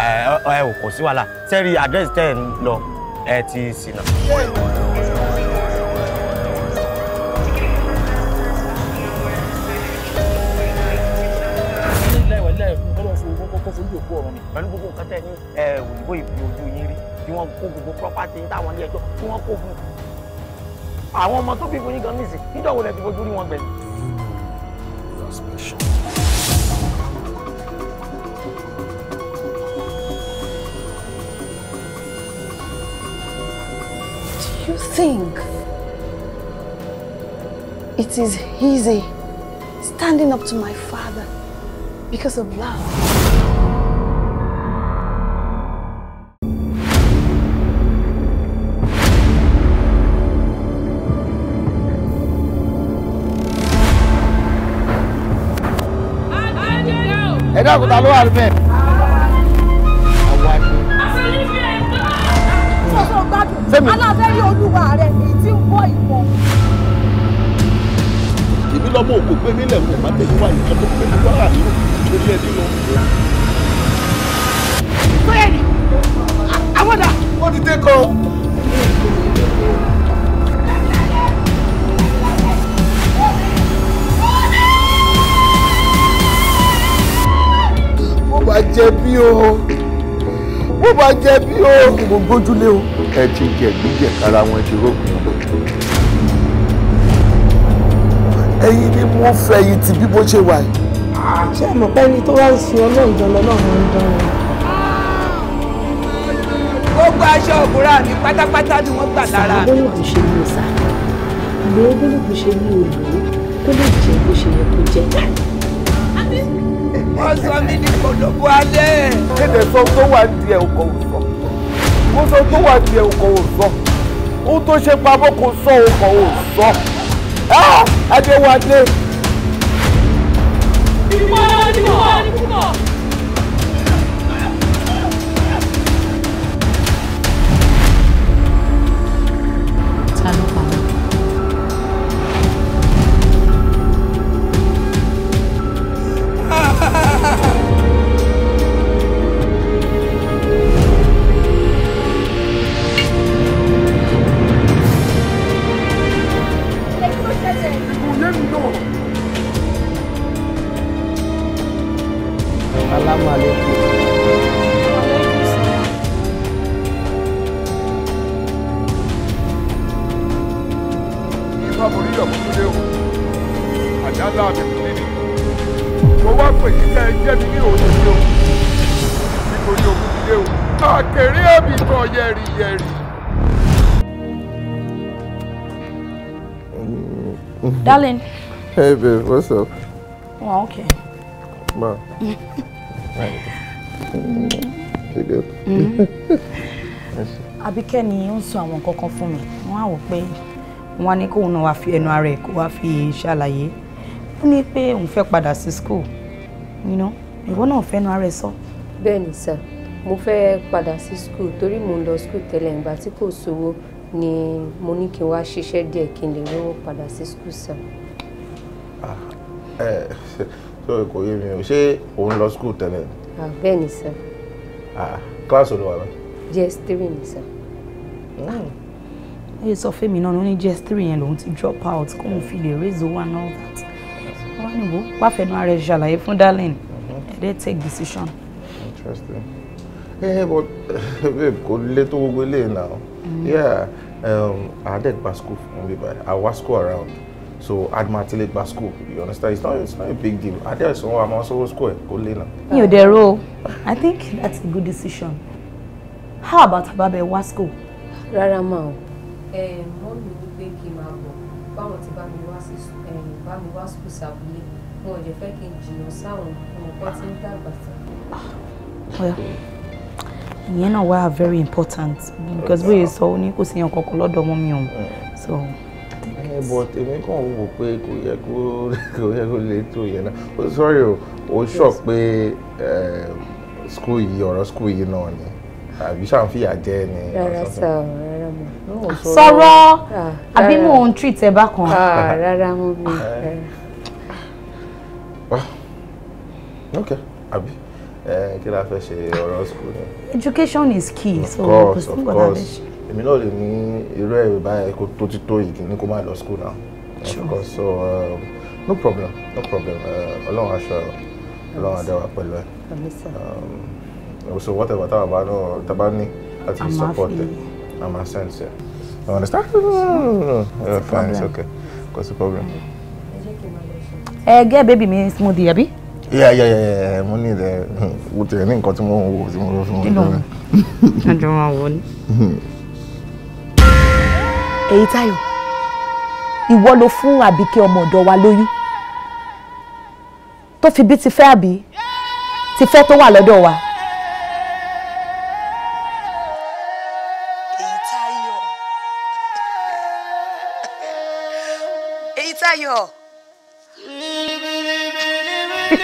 ẹ eh, ò eh, kò sí wàhálà sẹ́rí àdírẹ́sì tẹ́ ẹ̀ ń lọ ẹ ti ṣìnà. pẹ̀lú gbogbo nǹkan tẹ́ ní òyìnbó ìpè ojú yín rí tí wọ́n kó gbogbo property yín táwọn ilé ẹjọ́ tí wọ́n kó fún àwọn ọmọ tó bí fún yín gan nísìn níjọ́ wo lẹ ti fojú rí wọn gbẹ̀yìn. think it is easy standing up to my father because of love. Ẹ dákun fẹ́mi. aláfẹ́rí olúwa rẹ̀ èyí tí ń bọ́ ìbọn. èmi lọ́mọ òkò gbé nílẹ̀ kò má tẹ̀lé wá ìjọ tó gbé nípa rà nínú torí ẹbí lọ. bóyá ni àwọn dà. ti dé kọ. ó bá jẹ bí o mo bá jẹ bí o mo gbójúlé o. ẹ ti jẹ̀bi jẹ̀kára wọn ti rókun. ẹ̀yin ni mo fẹ̀yìn tì bí mo ṣe wà yìí. ṣé ẹ mọ̀ pé ẹni tó wá ń sin ọlọ́run jọ lọ́nà máa ń dán wọn. gbogbo aṣọ òbúra mi pátápátá ni wọ́n gbà lára mi. sàmúlò ṣe ní ìsà lóògùn kò ṣe ní òòlù tó lè jẹ bó ṣe yẹ kó jẹ wọ́n sọ mí ní kòlóbó alẹ́. kéde sọ tó wà ní tiẹ̀ òkò òsọ mo sọ tó wà ní tiẹ̀ òkò òsọ ohun tó ṣe pamọ́ kò sọ òkò òsọ ah! Adéwálé. Darling. Hey, babe, what's up? Oh, okay. Ma. Mm. right. Ṣé gẹ́? Abíkẹ́ ni ó ń sọ àwọn nǹkan kan fún mi. Wọ́n á wò pé wọ́n á ní kóun náà wá fi ẹnu ara ẹ̀ kó wá fi ṣàlàyé. school. You know, ìwọ náà fẹ́ nu ara ẹ sir. Bẹ́ẹ̀ni sà, mo fẹ́ school Tori mò school tẹ́lẹ̀ ìgbà tí kò So ni mo ní kí n wá ṣiṣẹ́ díẹ̀ kí n lè rówó padà sí school sir. Ah, ẹ ṣé kò yé mi o ṣé òun lọ school tẹ́lẹ̀. Ah, bẹ́ẹ̀ ni sir. kíláàsì olúwa rẹ. js three ni sir. ó hmm. yẹ sọ fún mi náà ló ní js three yẹn lòun ti drop out kóun fi lè raise owó and all that wọ́n ní wo pàfẹ́nu ara ẹ̀ ṣàlàyé fún darlene hmm. ẹ̀dẹ́ take decision. interesting. ẹ ẹ bọ babe kò lè tó gbogbo eléyìí náà yeah àádẹ́gbà Basco. fún mi báyìí àwa school around so admatile gba Basco. you understand it's not it's not a big deal adele sanwó àmọ́ sanwó school ẹ kò lè nà. mi i think that's a good decision how about ababẹ wa school. rárá mà o ìyẹn náà wà very important because bóyá sọ ó ní kò sí yàn kankan lọ́dọ̀ ọmọ mi ọ̀hún mm. so. Eh, but èmi kàn ń wò pé kò yẹ kó kò yẹ kó lè tó yẹn náà o oh, sorry o o sọ pé eh, school yìí ọ̀rọ̀ school yìí náà ni àbí ṣàǹfìyà jẹ́ ni. rárá sọ rárá mo sọ̀rọ̀ ah, àbí mò ń treat ẹ bákan. Ah, rárá mo bí. Ah. ok àbí kí la fẹ́ ṣe ọ̀rọ̀ school ni. education is key so course, of course. tá a fẹ́ ṣe. èmi náà lè ní irú ẹ̀ báyìí kó tó ti tó yìí ní kó má lọ school now. sure of course so um, no problem no problem ọlọ́run aṣọ ọlọ́run adáwà pẹ̀lú ẹ̀. Um, so whatever táwọn bá náà tábà ní láti support ẹ̀ na my sense ẹ̀. you understand? no no no no fine it's okay kò sí problem. ẹ gẹ́ bébì mi smoothie àbí yeah yeah yeah mo ní ìdẹ wo tẹ ní nǹkan tí mo wò tí mo lọ fún wọn. kí ló ń àjọ máa wọ ni. Hmm. èyí Táyọ̀ ìwọ ló fún Àbíkẹ́ ọmọ ọ̀dọ̀ wa lóyún tó fi bí ti fẹ́ àbí ti fẹ́ tó wà lọ́dọ̀ wa.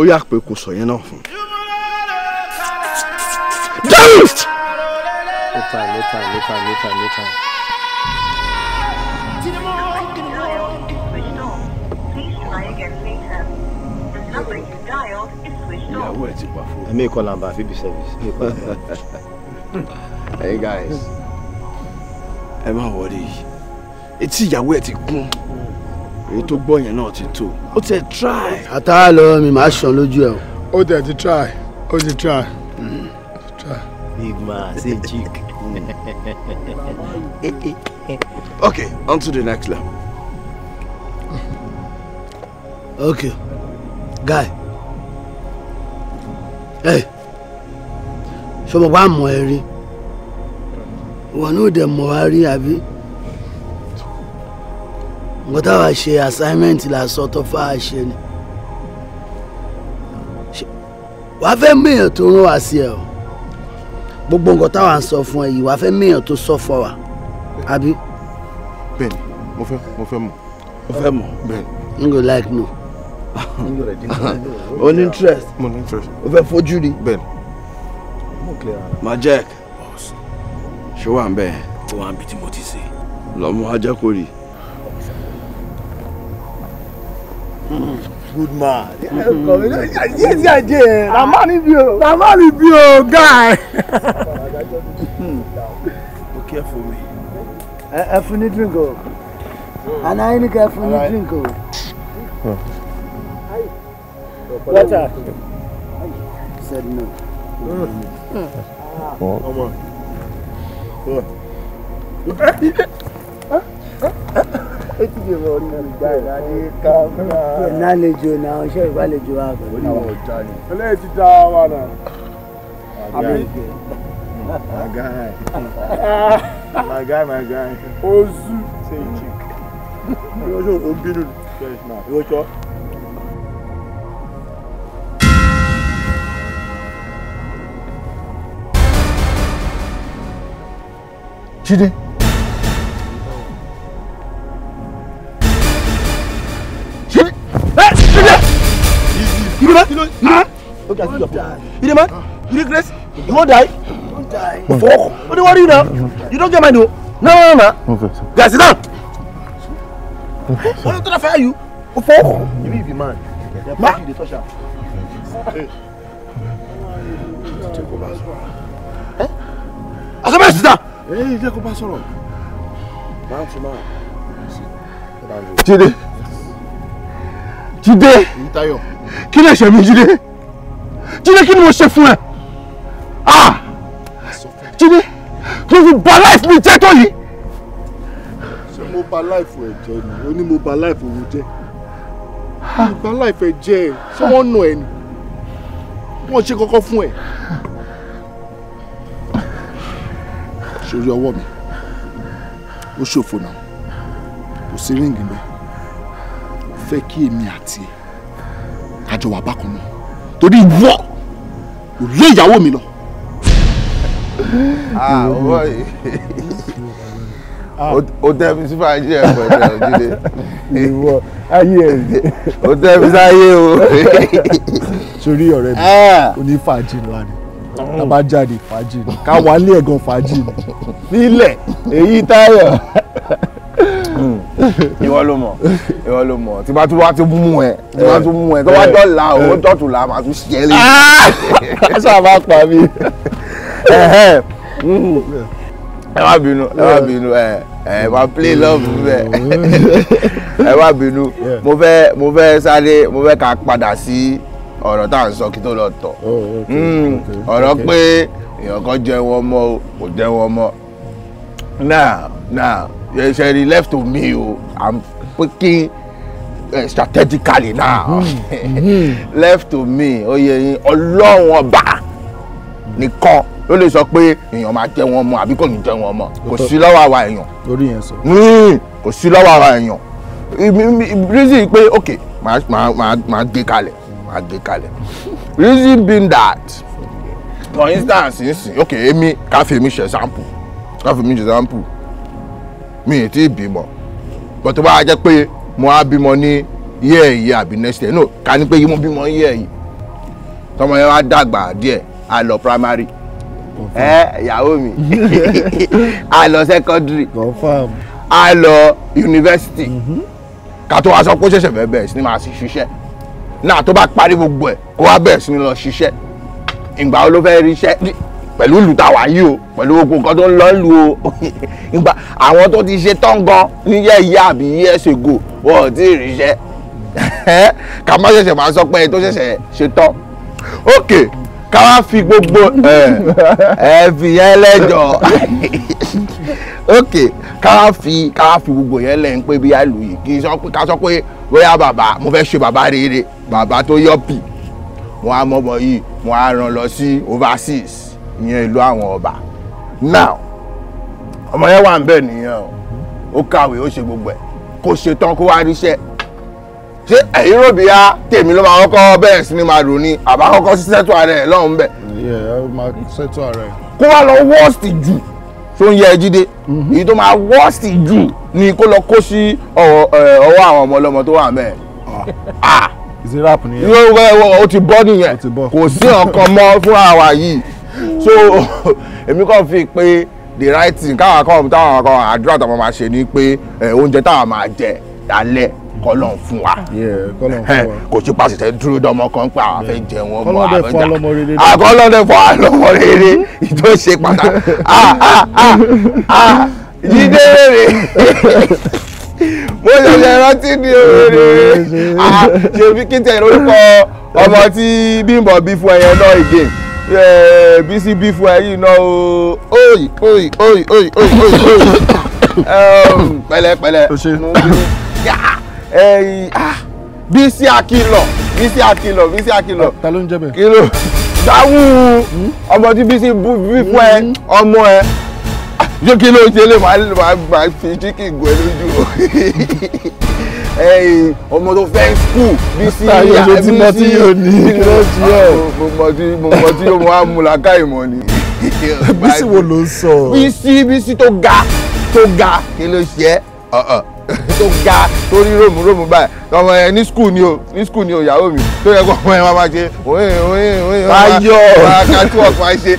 ó yà pé kò sọ yẹn náà fún. damn it. later later later later later. ìyàwó ẹ ti pa fún. ẹ mi kọ́ làǹbà fíbi service. hey guys ẹ má wọlé yìí etí ìyàwó ẹ ti kún èyí tó gbọ́ yẹn náà ti tó ó tẹ̀ try. àtàrà lọ mi màá ṣàn lójú ẹ o. ó tẹ̀ ti try ó ti try. big man say chick. okay on to the next lap. okay guy hey ṣọmọ bá mọ ẹ rí wọn ò dẹ mọ wá rí àbí nǹkan táwa ṣe assignment la sọ tó fà á ṣe ni wàá fẹ́ mìíràn tó rán wa sí ẹ o gbogbo nǹkan táwa ń sọ fún ẹ yìí wàá fẹ́ mìíràn tó sọ fún wa àbí. bẹ́ẹ̀ni mo fẹ́ mo fẹ́ mọ̀. mo fẹ́ mọ̀ bẹ́ẹ̀ni. n kò like no. o ní interest. mo ní interest. o fẹ́ fojú ni. bẹ́ẹ̀ni. ma jẹ́ ṣé wà ń bẹ̀. ó wà ń bí tí mo ti ṣe. lọ́mọ ajá kò rí good man. Yes, I did. Na man if you, na man if you, guy. Be careful me. I feel drink oh. And I need careful need drink oh. Water. Said no. Hmm. Hmm. Come on. Come eh, on. Eh, eh. ti bọ̀ rí ìgbà ìlànà kámẹ́rà. ìnálejò náà iṣẹ́ ìbálejò wa kò ní. eléyìí ti da wa nà. àmì my guy my guy my guy. ozu ṣe yóò ṣe òun bínú yóò ṣọ́. Jide. Look at you. You the man? You the grace? You won't die? You won't die. Fuck. What do you worry now? You don't get my no. No, no, no. Okay, Guys, sit down. Why don't I fire you? Oh, fuck. You be the man. Ma. You the hey. up. Take over. Eh? Asọ́bẹ̀ sísá. Ee, jẹ́ kó Hey, sọ̀rọ̀. Máa tún máa. Jíde. Jíde. Ìyí Táyọ̀. Kí lè ṣe mí Jíde? jíde kí ni mo ṣe fún ẹ ah jíde tó fi ba life mi jẹ́ tó yìí. ṣé mo ba life ẹ jẹ́ ni o ní mo ba life òun jẹ́ ah! mo ba life ẹ jẹ́ ẹ ṣé wọ́n nà ẹ ni wọ́n ṣe kọ́kọ́ fún ẹ. sórí ọwọ́ mi ó ṣòfò náà kò sí ríǹgì bẹ́ẹ̀ fẹ́ kí èmi àti ẹ̀ kájọ bákan náà torí ìwọ kò lé ìyàwó mi lọ. Ah, ah, ah. o tẹ mi sí fàájì ẹ pẹ̀lú Ojúde. ìwọ ayé ẹ. o tẹ mi sáyé o. sórí ọ̀rẹ́ mi onífàájì ńlá ni oh. tá bá jáde fàájì ni ká wálé ẹ̀gàn fàájì ni nílẹ̀ èyí Táyọ̀. ìwọ ló mọ̀ ìwọ ló mọ̀ tí bá tún wá tún mú ẹ tí bá tún mú ẹ tó wá eh. dọ̀la owó eh. dọ̀tùla màá tún ṣiṣẹ́ lé. aṣọ ah! àbá pa mi. Hmm. ẹ má bínú ẹ má bínú ẹ ẹ máa play love hmm. bẹ ẹ má bínú mo fẹ́ mo fẹ́ sáré mo fẹ́ ká padà sí ọ̀rọ̀ tá à ń sọ kí tó lọ tọ̀ oh, hmm. ọ̀rọ̀ pé èèyàn kan jẹ́ wọn mọ́ kò jẹ́ wọn mọ́ now now ṣe rí left to me o i'm picking uh, eh, strategically now mm-hmm. Mm-hmm. left to me oyè yín ọlọ́run ọba nìkan ló lè sọ pé èèyàn máa jẹ wọn mọ àbí kò ní jẹ wọn mọ kò sí lọ́wọ́ àwa èèyàn lórí yẹn sọ hmm, kò sí lọ́wọ́ àwa èèyàn reason pé ok màá màá màá gé kalẹ̀ màá gé kalẹ̀ reason being that for instance nsìn ok èmi ká fi èmi ṣe sample ká fi èmi ṣe sample mi ì tí ì bímọ bọ́n tó bá jẹ́ pé mo á bímọ ní yẹ́ ẹ̀yẹ àbí next year no ká ní pé mo bímọ yẹ́ ẹ̀yẹ tọmọ yẹn wá dàgbà díẹ̀ a lọ primary ẹ ìyàwó mi a lọ secondary a lọ university mhm. ká tó wá sọ pé ó ṣẹ̀ṣẹ̀ fẹ́ bẹ̀rẹ̀ sí ni máa sì ṣiṣẹ́ náà tó bá parí gbogbo ẹ̀ kó wá bẹ̀rẹ̀ sí ni lọ ṣiṣẹ́ ìgbà wo ló fẹ́ ríṣẹ́ pẹ̀lú olùtàwá yìí o pẹ̀lú ogun nǹkan tó ń lọ lù o ìgbà àwọn tó ti ṣe tán gan níyẹ ìyá àbí years ago wọn ò tí ì ríṣẹ́ ká má ṣẹ̀ṣẹ̀ máa sọ pé ẹ tó ṣẹ̀ṣẹ̀ ṣe tán ok ká wá fi gbogbo ẹ fi yẹn lẹ́jọ́ ok ká wá fi ká wá fi gbogbo yẹn lẹ́yìn pé bí àlù yìí kì í sọ pé ká sọ pé bóyá bàbá mo fẹ́ ṣe bàbá rere bàbá tó yọ̀ pì mo á mọ̀ bọ̀ yìí mo á ràn lọ sí overseas ìyẹn ìlú àwọn ọba now ọmọ yẹn wà ń bẹ̀ nìyẹn o ó kàwé ó ṣe gbogbo ẹ̀ kò ṣetán kó wá ríṣẹ́ ṣé ẹ̀yin rò bí a tèmi ló máa kọ́kọ́ bẹ́ẹ̀ sí ni máa rò ní àbá kọ́kọ́ sí sẹ́tù ààrẹ ẹ̀ lọ́hùn-ún bẹ̀. kó wá lọ wọ́ọ̀sì jù tó ń yẹ ẹ jíde mhm. èyí tó máa wọ́ọ̀sì jù ni kó lọ kó sí ọwọ́ àwọn ọmọ ọlọ́mọ tó wà mẹ́ẹ̀ ìsiráp ah. ah. nìyẹn. yóò wẹ́ o ti bọ́ nìyẹn kò sí ọkàn mọ́ fún àwa yìí so èmi kàn fi pé the right thing káwọn akọ́ táwọn akọ́ àdúrà táwọn máa ṣe ni pé oúnjẹ táwọn máa jẹ alẹ́ kọlọ́n fún wa kò sí pàṣẹ dúró dọmọ kan pé àwọn afẹ́ jẹun ọmọ àbẹ̀dà àkọlọ́n dẹ̀ fọ́ àlọ́mọ ah, rere ìjọ ṣe pàtàkì ah, ah, jíde rere mo ṣẹ̀ṣẹ̀ rántí ní rere ṣe bí kí n tẹ̀ lórúkọ ọmọ tí Bímbọ́ bí fún ẹyẹ náà again. Eh, bísí bí fún ẹ yìí náà o oyi oyi oyi oyi oyi oyi oyi pẹ̀lẹ́pẹ̀lẹ́ ẹyin ah, bísí akilọ bísí akilọ bísí akilọ ta ló ń jẹ bẹ́ẹ̀ kilo dáwù hmm? ọmọ tí bísí bí fún ẹ hmm? ọmọ ẹ yóò ah, kí ló ń ṣe lè máa fi chicken gùn ẹ lójú o. ọmọ tó fẹ́ skul bí sí ìyá ẹbí sí ìyá tí yóò ní lọ́jọ́ yọ. mo mọ tí mo mọ tí yóò mọ wá mú làákà ìmọ̀ ni. bísí wo ló ń sọ. bísí bísí tó ga tó ga kí ló ṣe é tó ga tó rí rómù rómù báyìí ọmọ yẹn ní skul ni o ní skul ni o ìyàwó mi tó yẹ kó ọmọ yẹn máa máa ṣe òye òye òye ọmọ akátúwọ̀ máa ṣe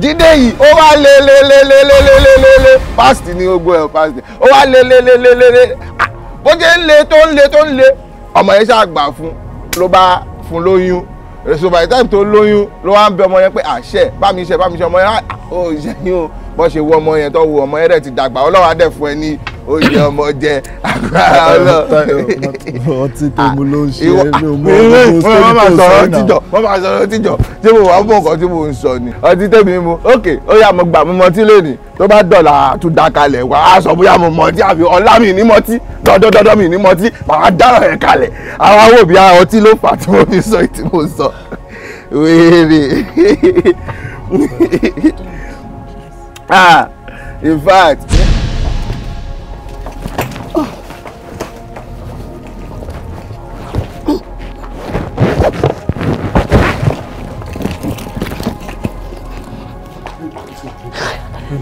dídé yìí ó wá lé lé lé lé lé lé lé pásítì ní gbogbo ẹ̀ pásítì ó wá lé lé lé lé lé lé bó ṣe ń le tó ń le tó ń le ọmọ yẹn ṣàgbà fún ló bá fún lóyún so by the time tó lóyún ló wá ń bẹ ọmọ yẹn pé àṣẹ bá mi ṣe bá mi ṣe ọmọ yẹn ó ah, ṣẹyìn o bọ́ ṣe wọ ọmọ yẹn tó wo ọmọ ẹ̀rẹ̀ ti dàgbà ọlọ́wọ́ adẹ̀ fún ẹ ní oyè ọmọ jẹ agbára ọlọ́. ọtí tó mu ló ń ṣe é mi ò ọmọ tó sọ náà. wọ́n máa sọ̀rọ̀ ọtí wọ́n máa sọ̀rọ̀ ọtí tí mo wà fún ọkọ̀ tí mo ń sọ ni. ọtí tèmi mu ok ó yá mo gbà mo mọtí lónìí tó bá dọ̀là àtúndà kalẹ̀ wá a sọ bóyá mo mọtí àfi ọlá mi ní mọtí dọ́dọ́dọ́dọ́ mi ní mọtí màá dáràn ẹ̀ kalẹ̀ àwọn awòbí ọtí ló fà tí mo fi sọ ìtí mo sọ wéèrè. Ah, in fact.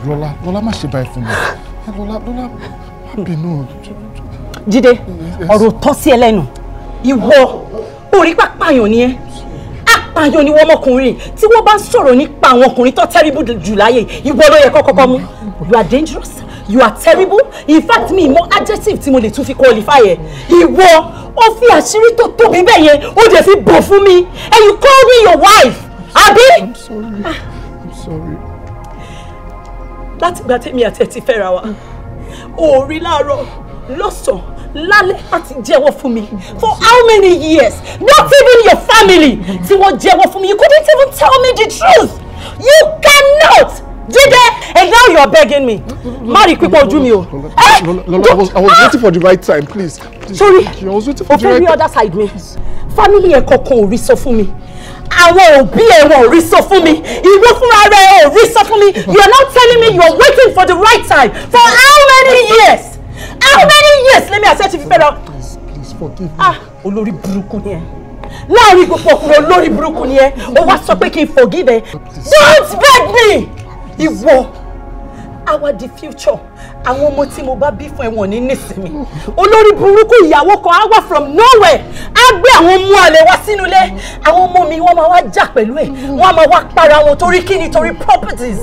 lọ́lá lọ́lá má ṣe báyìí fún mi lọ́lá lọ́lá má you jíde ọ̀rọ̀ tọ́ sí ẹ lẹ́nu ìwọ orí pàpàyàn ni ẹ pààyàn ni wọ́n ọmọkùnrin tí wọ́n bá sọ̀rọ̀ nípa àwọn ọkùnrin tó terrible jù láyé ìwọ ló yẹ kọ́kọ́kọ́ mú you are dangerous you are terrible in fact mi mọ adjective tí mo lè tún fi qualify ẹ ìwọ ó fi àṣírí tó tóbi bẹ́ẹ̀ yẹn ó dẹ̀ fi bò fún mi and you call me your wife abi. I'm ah. sorry. I'm sorry. látìgbà tèmi àti ẹ ti fẹ́ra wa òòrí láàárọ̀ lọ́sàn-án lálẹ́ àti jẹ́wọ́ fún mi for how many years not even your family tí wọ́n jẹ́wọ́ fún mi you couldn't even tell me the truth you cannot Jide and now you are begging me marry quick, ojú mi o. Eh, I was I was waiting for the right time please. Ah! sorry oferi other side mi family ẹ̀ kankan ò rí sọ fún mi àwọn òbí ẹ wọn ò rí sọ fún mi ìwọ fúnra rẹ ò rí sọ fún mi you are not telling me you are waiting for the right time for how many years how many years Let me assess if you fẹ́ lọ. please please forgive me. ah olórí burúkú ni ẹ láàrin gbogbo ọkùnrin olórí burúkú ni ẹ ó wá sọ pé forgive ẹ don't beg me ìwọ our the future àwọn ọmọ tí mo bá bí fún ẹwọn ní nísìnyí olórí burúkú ìyàwó kan á wà from nowhere á gbé àwọn ọmọ àlè wá sínú ilé àwọn ọmọ mi wọn máa wá jà pẹ̀lú ẹ̀ wọn máa wá para wọn torí kíni torí properties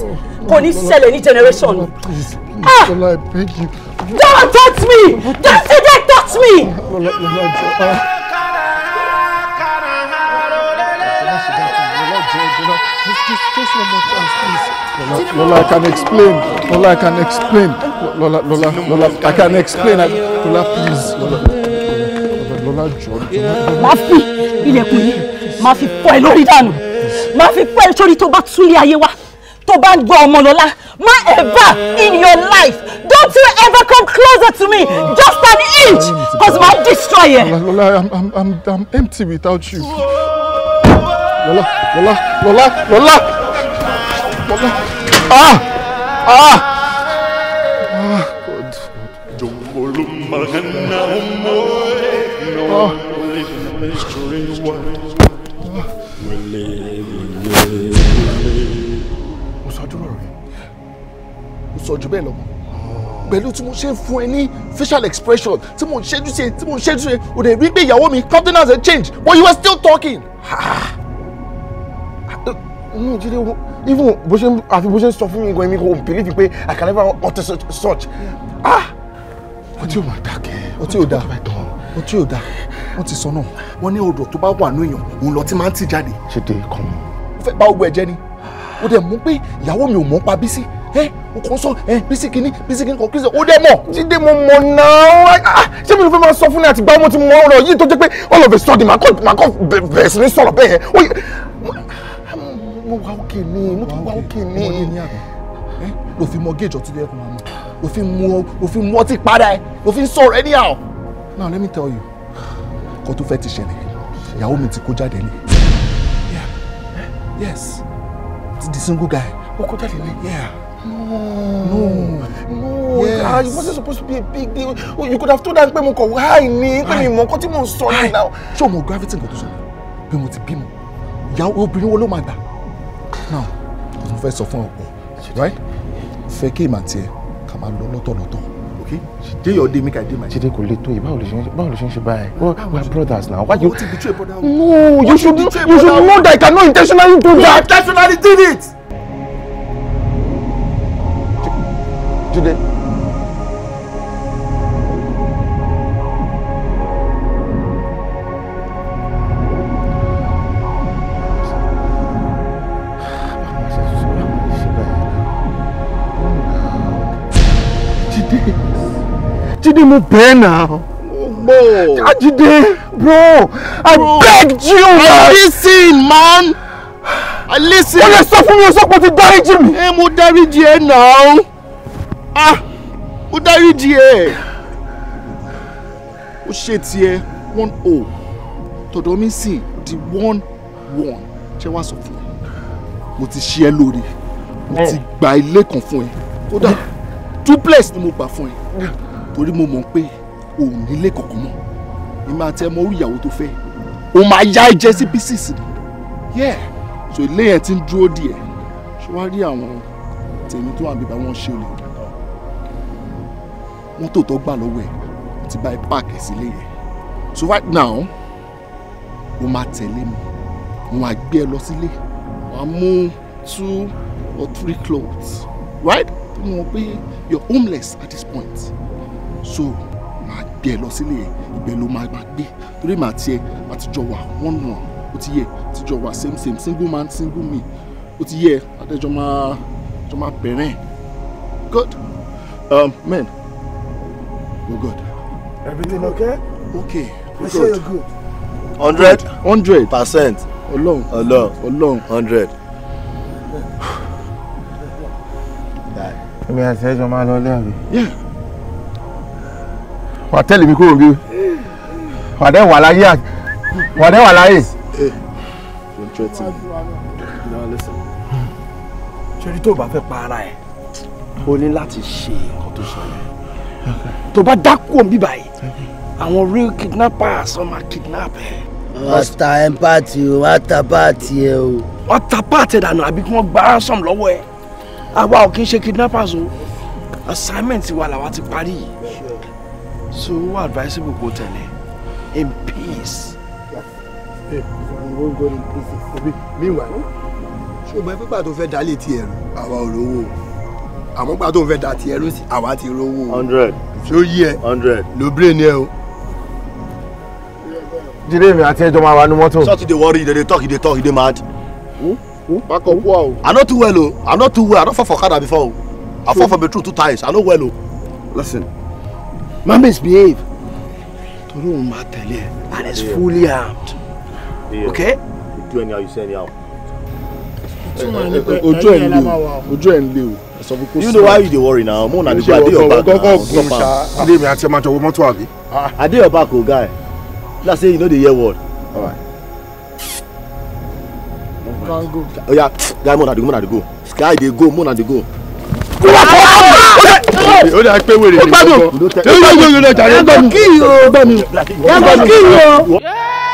kò ní ṣẹlẹ̀ ní generation. please please ah. I beg you. Don't touch me! Don't you dare touch me! Lola, Lola, I can explain. Lola, I can explain. Lola, Lola, Lola, I can explain. Lola, please. Lola, Lola, John. Má fi ilẹ̀kùn yìí, má fi fọ́ ẹ lórí dànù, má fi fọ́ wa tó bá ń gbọ́ ọmọlọ́lá má ever in your life don't you ever come closer to me just an inch cause my destroy ẹ. Lola I'm, I'm, I'm, I'm empty without you. Lola Lola Lola Lola Lola ah ah. sọ jù bẹ́ẹ̀ lọ pẹ̀lú tí mo ṣe ń fún ẹ ní facial expression tí mo ń ṣẹ́jú tí mo ń ṣẹ́jú o dẹ̀ rí pé ìyàwó mi countenance had changed but you were still talking. Ah, inú jíde even bó ṣe àfi bó ṣe sọ fún mi gan èmi kò believe pé I can never utter such. ọtí ah! ò máa dà kẹ́ ọtí ò dà ọtí ò dà wọ́n ti sọ náà wọ́n ní odò tó bá wà ní èèyàn òun lọ tí máa ń tì jáde. ṣe dé kàn mọ́. ó fẹ́ bá ogun ẹ̀jẹ̀ ni ó dẹ̀ mú pé ìyàwó mi ò mọ́ pa Bísí ẹ o kò sọ ẹ bísí kìíní bísí kìíní kan kí ṣe ó dẹ́ mọ̀ jíde mo mọ̀ náà ah, ah, ṣé mi ló fẹ́ máa sọ fún ní àti gbámú tí mo mọ̀ ọ̀rọ̀ yìí tó jẹ́ pé all of a sudden màá kàn bẹ̀rẹ̀ sí ní sọ̀rọ̀ bẹ́ẹ̀ yẹn mo wà òkè ni mo tún wà òkè ni ló fi mọ géèjọ tó yẹ kó máa mọ ló fi mú ló fi mú ọtí padà ẹ ló fi ń sọ̀rọ̀ anyhow. now let me tell you kó tó fẹ́ ti ṣẹlẹ̀ ìyàwó mi ti kó jáde lé yes ti di single guy ó kó jáde lé. No. No. Yes. Ah, it wasn't supposed to be a big deal. You could have told them pé mo kọ̀ háì ní pé mi mọ̀ nǹkan tí mò ń now. show o mọ̀ gravity nǹkan to show Bí mo ti bímọ, ìyàwó obìnrin wo ló máa gbà? Now, mo fẹ́ sọ fún ọ̀pọ̀, right? and say, come on, ká máa lọ lọ́tọ̀lọ́tọ̀. Okay, dey your day make I dey my. Jide kò le tó yìí, you lè ṣe báwo lè ṣe ń ṣe We are brothers now. Why you? No, you should you should know that I cannot intentionally do that. intentionally did it. Jídé. Jídé mo bẹ́ẹ̀ náà. Bro. Ah, Jídé bro I bro. begged you. Hey, listen man. I ah, Listen. Ó lè sọ fún mi o sọ pé o ti dáríjì mi. Ẹ mo dáríjì ẹ náà ah ó dáríjì ẹ ó ṣe tiẹ̀ one o oh. tọ̀dọ̀ mi sì di one one ṣé wàá sọ fún mi mo ti ṣe ẹ lórí mo ti gba ilé kan fún ẹ kódà duplex ni mo gbà fún ẹ torí mo mọ̀ pé o ò nílé kankan mọ́ ni máa tẹ mọ orí ìyàwó tó fẹ́ o máa yá ẹ̀jẹ̀ sí pieces ni yeah so ilé yẹn ti ń dúró díẹ̀ ṣé wàá rí àwọn tèmi tó wà bíbá wọn ṣe olè mọ́tò tó gbà lọ́wọ́ ẹ̀ ti bá páàkì sílé yẹn so right now o máa tẹ̀lé mi mo máa gbé ẹ lọ sílé wàá mú two or three clothes right tó mọ̀ pé you're homeless at this point so máa gbé ẹ lọ sílé yẹn ló máa máa gbé torí màá tiẹ̀ àtijọ́ wà one one ó ti yẹ àtijọ́ wà same same single man single me ó ti yẹ àtẹ̀jọ́ máa jọ máa bẹ̀rẹ̀ good um, men We're good. Everything okay? Okay. We're I sure you're good. 100? 100. Percent. Alone, alone, alone. 100. Èmi àti ẹjọ́ máa lọ ilé àbí. Wà á tẹ̀lé mi kúrò bí. Wà á dẹ́ wà láyé. Wà á dẹ́ Don't threaten me. No, listen. Ṣé orí tó bá fẹ́ pa ara ẹ̀? O ní láti ṣe nǹkan tó bá dákú òun bíbá yìí àwọn real kidnappers wọn máa kidnap ẹ. wọ́n ta ẹ̀ ń pààtì o wọ́n ta pààtì ẹ o. wọ́n ta pààtì ẹ̀ dànù àbí kí wọ́n gba ransom lọ́wọ́ ẹ àwa ò kí ń ṣe kidnappers o assignment wa làwa ti parí yìí so wọ́n advisable kó tẹ̀lé in peace. Hey, we'll go in peace. Meanwhile, ṣùgbọ́n pípa tó fẹ́ dálé tiẹ̀ rù àwa ò àmọ́ gba tó ń fẹ́ da tiẹ̀ ló sì àwa ti rówó. hundred. ṣó yí ẹ. hundred. ló bírè ni ẹ o. jíde mi àti ẹjọ́ máa wà ní mọ́tò. sọ́ọ̀tì dey worry dey dey talk dey talk dey mad. back up wa o. i no too well o i no too well i no fall for kada before o i fall for betrothed two times i no well o. listen man misbehave torí òun máa tẹ̀lé ẹ and it's fully armed. Yeah. okay. you do anyhow you say anyhow. Eh, eh, ojú ẹ̀ ń o ojú ẹ̀ ń o you know why you dey worry now mo na the guy dey your back now stop am. ilé mi àti ẹ̀ máa jọ wo mọ́tò àbí. i dey your back o guy like say you no dey hear word. oya oh, guy mo na dey go mo na dey go guy dey go mo na dey go. o de pe wèrè ni mo gbọ́. o gbàdùn o gbàdùn o jàre. ẹ gbọ́ kí yìí o. ẹ gbọ́ kí yìí o.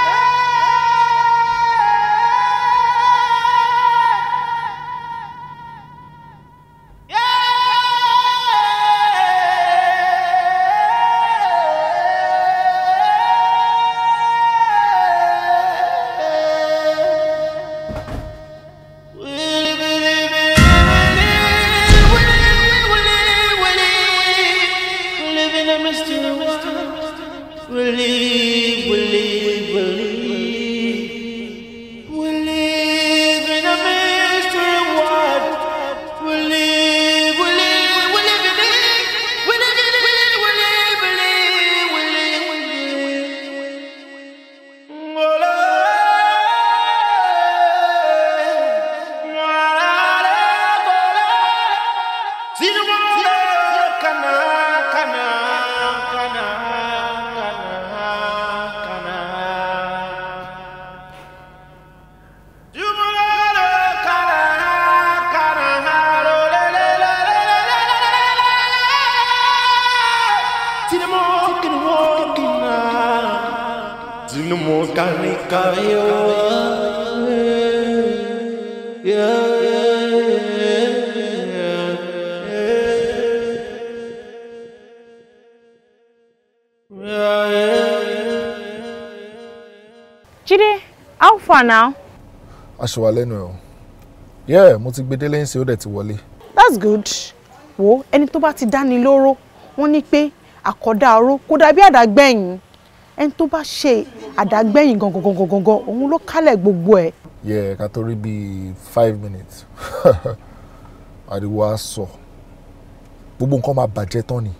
Jídé, how far now? Aṣèwà lẹ́nu ẹ̀ o. Yeah, mo ti gbé délé ń ṣe ó dẹ̀ ti wọlé. That's good. Wo ẹni tó bá ti dáni lóró, wọ́n ní pé àkọ́dá oró kó dàbí àdágbẹ̀yìn. Ẹni tó bá ṣe àdágbẹ̀yìn gangan gangan gangan òun ló kálẹ̀ gbogbo ẹ̀. yẹ ká tó rí bíi five minutes ariwo á sọ gbogbo nǹkan máa bàjẹ́ tán ni.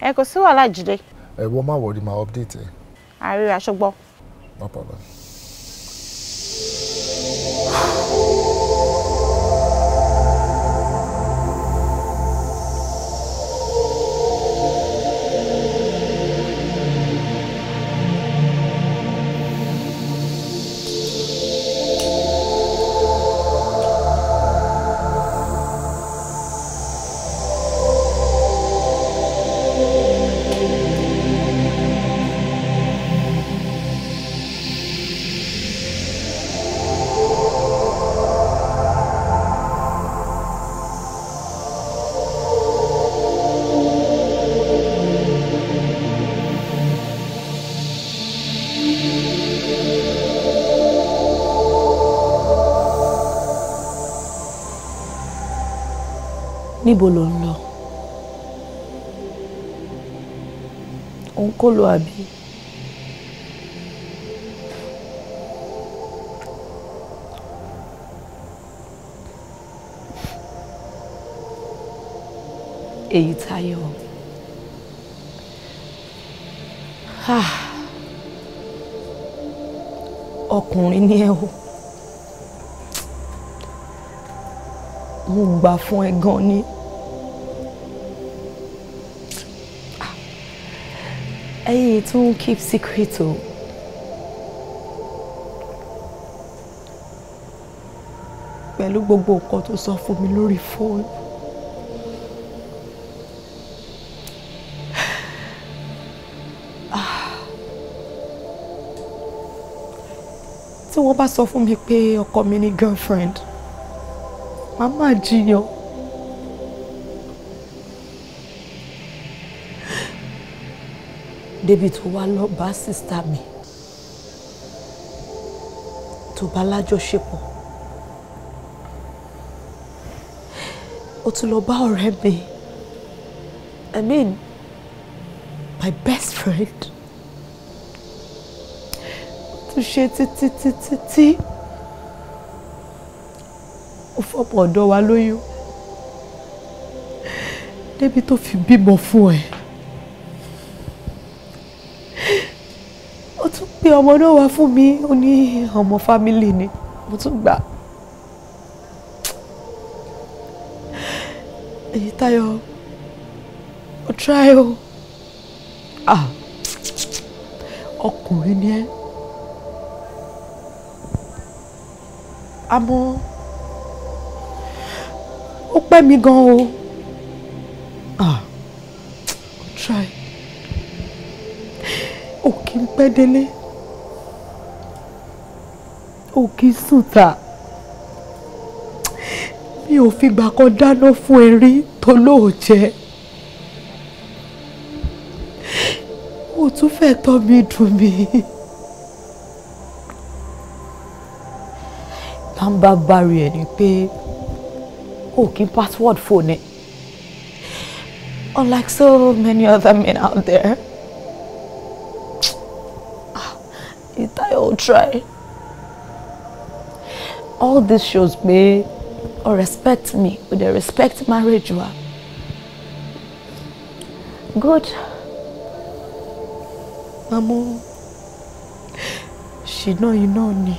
ẹ kò sí wàhálà Jídé. ẹ wọ́n má wọrí máa update ẹ. àárẹ̀ aṣọ́gbọ́. no problem. níbo ló ń lọ òun kò lo àbí. èyí táyọ̀ ah. ọkùnrin ni ẹ o mo gbà fún ẹ gan ni. ẹ̀yin tún keep secret o. pẹ̀lú gbogbo nǹkan tó sọ fún mi lórí fóònù. tí wọ́n bá sọ fún mi pé ọkọ mi ní girlfriend màá máa jiyàn. débi tó wá lọ bá sísá mi tó bá lájọṣepọ̀ ó tún lọ bá ọ̀rẹ́ mi I mean my best friend ó tún ṣe títí títí tí ó fọmọ ọ̀dọ̀ wa lóyún débi tó fi bímọ fún ẹ. pé ọmọ náà wá fún mi ó ní ọmọ fámílì ni mo tún gbà. èyí Táyọ̀ ó try o ah ọkùnrin ni ẹ àmọ́ ó pẹ́ mi gan o ah ó try ó kì í pẹ́ délé ò kí sùn ta mi ò fìgbà kan dáná fún ẹ rí tó lóòjẹ mo tún fẹ́ tọ́ mi dùn mí. bàbá bari ẹ ni pé o kí password phone ẹ unlike so many other men out there. Ah, Itayọ try all this shows pé or respect me with a respect marriage wa good mamu ṣìnà know ni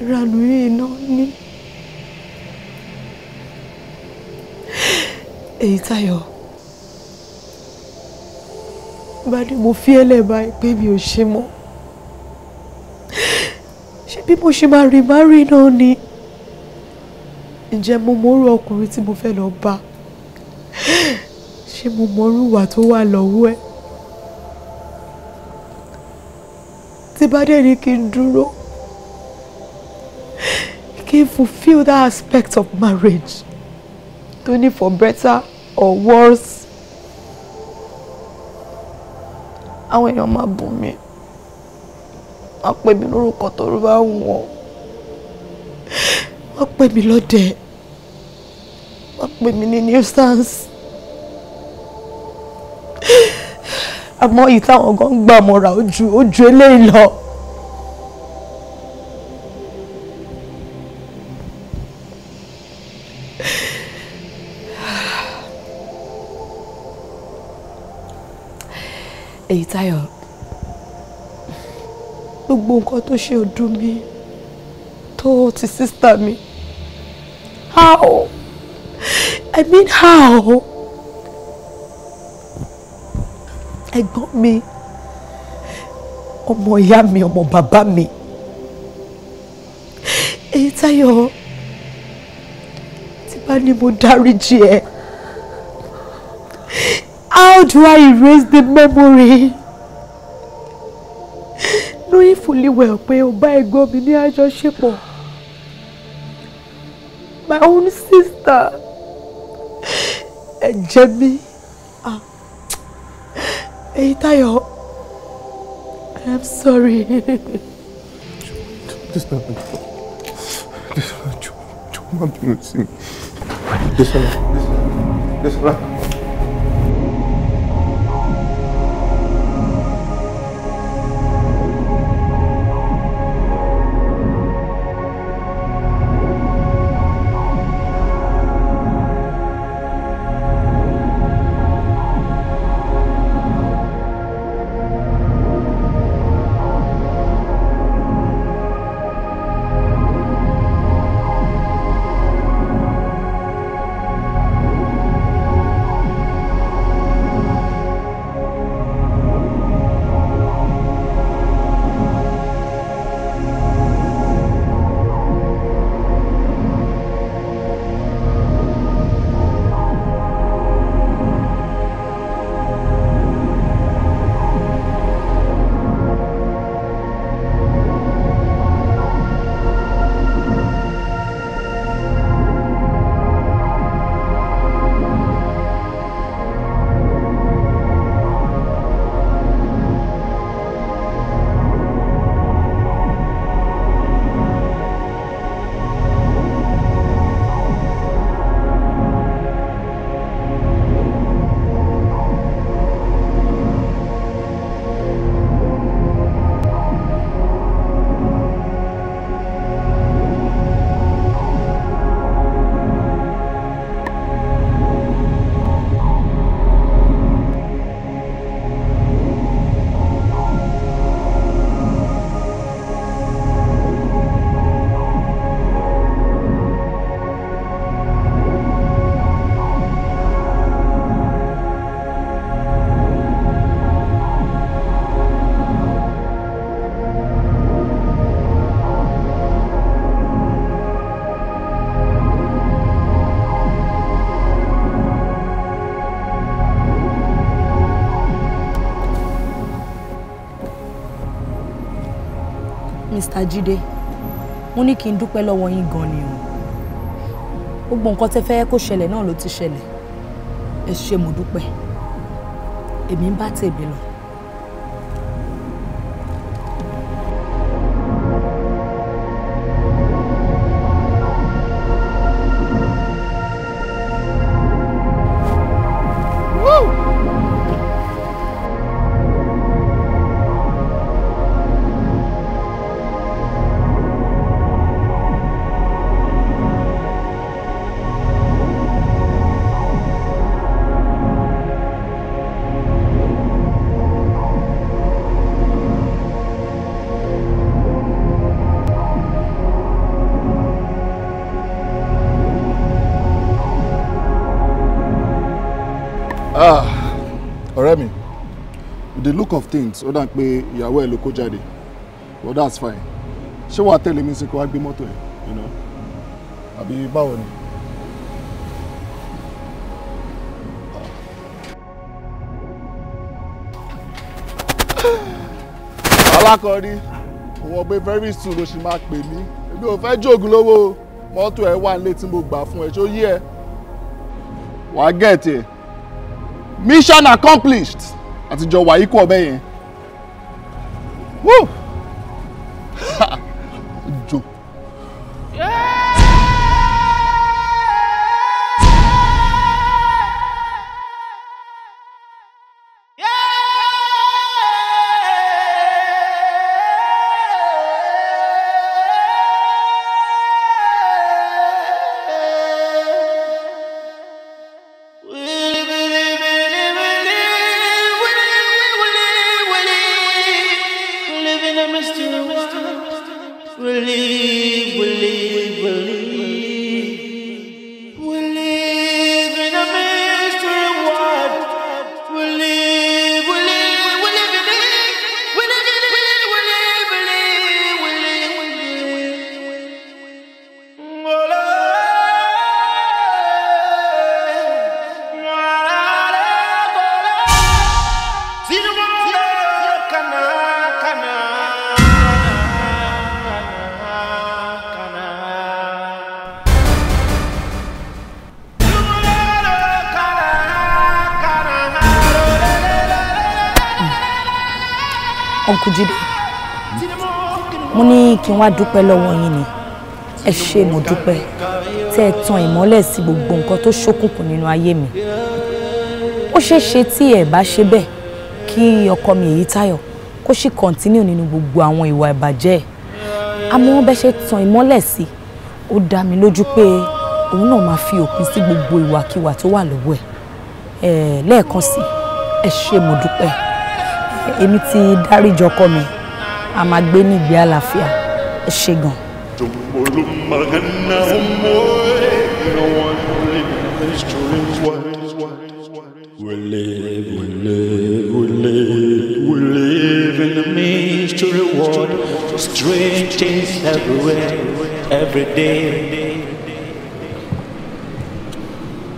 ìranù iná ni èyí tayọ̀ bá ní mo fi ẹlẹ́ báyìí pé mi ò ṣe mọ́ ṣé bí mo ṣe máa rí máa rí náà ni ǹjẹ́ mo mọ̀rú ọkùnrin tí mo fẹ́ lọ bá ṣé mo mọ̀rú ìwà tó wà lọ́wọ́ ẹ̀ tí bá dẹ̀ ní kí n dúró kí n fulfil that aspect of marriage tó ní for better or worse àwọn èèyàn máa bù mí wọ́n pè mí lórúkọ tó ló bá wù wọ́n wọ́n pè mí lọ́dẹ̀ wọ́n pè mí ní nuisance àmọ́ èyí táwọn gan gbà mọ́ra ojú ojú eléyìí lọ. èyí táyọ̀ gbogbo nǹkan tó ṣe ọdún mi tó ti sísítà mi how i mean how ẹ̀gbọ́n mi ọmọ ìyá mi ọmọ bàbá mi èyí táyọ̀ tí bá ní mo dáríjì ẹ how do i erase the memory fully well pé o bá ẹ̀gbọ́n mi ní àjọṣepọ̀ my own sister ẹ̀jẹ̀ mi èyí Táyọ̀ I am sorry. This one. This one. This one. Just not Just not. Mr. Jídé mo ní kí n dúpẹ́ lọ́wọ́ yín gan ni o gbogbo nǹkan tẹ́ fẹ́ kó ṣẹlẹ̀ náà ló ti ṣẹlẹ̀ ẹ ṣé mo dúpẹ́ èmi ń bá tèmi lọ. of things ó dà pé ìyàwó ẹ̀ ló kó jáde but that's fine ṣé wàá tẹ̀lé mi sí kó wá gbé mọ́tò ẹ̀ you know àbí báwo ni. alákọ̀ọ́rí wọ́n gbé very soon ló ṣe máa pè mí èmi ò fẹ́ jòògùn lówó mọ́tò ẹ̀ wà nílé tí mo gbà fún ẹ ṣó yí ẹ wàá gẹ̀ẹ́tì mission accomplished àtijọ́ wà equal yẹn. kí n wá dúpẹ́ lọ́wọ́ yín ni ẹ ṣé mo dúpẹ́ tẹ́ ẹ tan ìmọ́lẹ̀ sí gbogbo nǹkan tó ṣókùnkùn nínú ayé mi ó ṣeé ṣe tí ẹ bá ṣe bẹ́ẹ̀ kí ọkọ mi èyí táyọ̀ kó sì kọ̀ntínú nínú gbogbo àwọn ìwà ìbàjẹ́ ẹ̀ àmọ́ bẹ́ẹ̀ ṣe tan ìmọ́lẹ̀ sí ó dá mi lójú pé òun náà máa fi òpin sí gbogbo ìwàkiwà tó wà lọ́wọ́ ẹ̀ lẹ́ẹ̀kan sí ẹ ṣé mo dúpẹ́ èmi ti dáríjọ mi a máa gbé ní ìgbé àlàáfíà. We live, we live, we live, we live in the mystery world. Strange things everywhere, every day.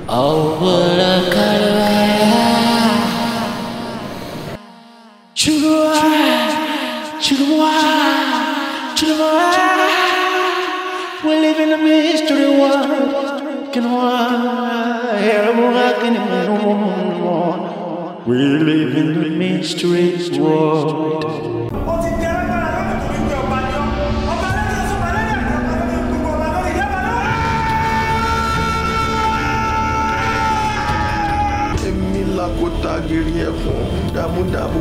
Oh, what a color I have. live in the mystery world. kó tagiri ẹ̀fọn dàmúdàmú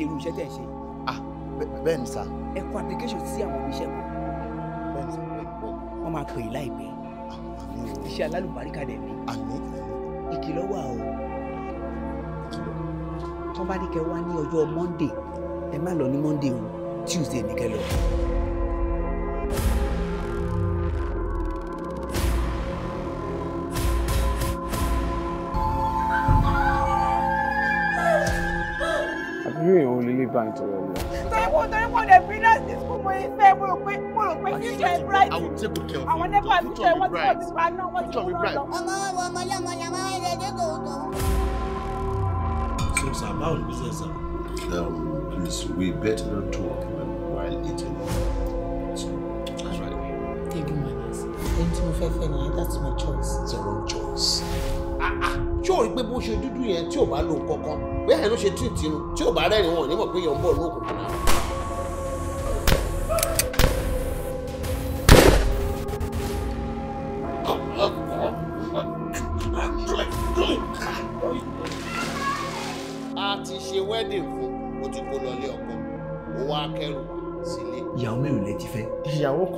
ṣe irú iṣẹ́ tẹ̀ ṣe. ah bẹ́ẹ̀ ni sá. ẹ kọ application sí àwọn iṣẹ́ kan. bẹ́ẹ̀ ni sá bẹ́ẹ̀ ni bẹ́ẹ̀. wọ́n máa pè é láìpẹ́. iṣẹ́ alálùbáríkà dẹ̀ ni. àmín. ìkìlọ̀ wà o. tó bá ní kẹ́ wá ní ọjọ́ monday ẹ má lọ ní monday o tuesday ní kẹ́ lọ. gbà nítorí ọ̀la. torí mo torí mo lè bí nọ́ọ̀sì fún mo ìfẹ́ mo rò pé mo rò pé kíjọ ìbúráìtì àwọn nípa àtúntò ẹ̀ wọ́n ti wọ́n ti pa náà wọ́n ti kú náà lọ. ọmọ ọwọ́ ọmọ lọ́mọ ni àwọn ẹ̀rẹ́ dégò tó. so sir báwo ni business sir. Um, please we better not talk while eating. that's right. Thank you, my nice. Anything you fẹ́ fẹ́ that's my choice. It's a wrong choice ṣé o rí pé bó ṣe dúdú yẹn tí ò bá lo nǹkan kan bẹ́ẹ̀ ló ṣe tìǹtìǹ tí ò bá rẹ́rìn wọn ò pé yẹn ń bọ̀ lóògùn kan náà.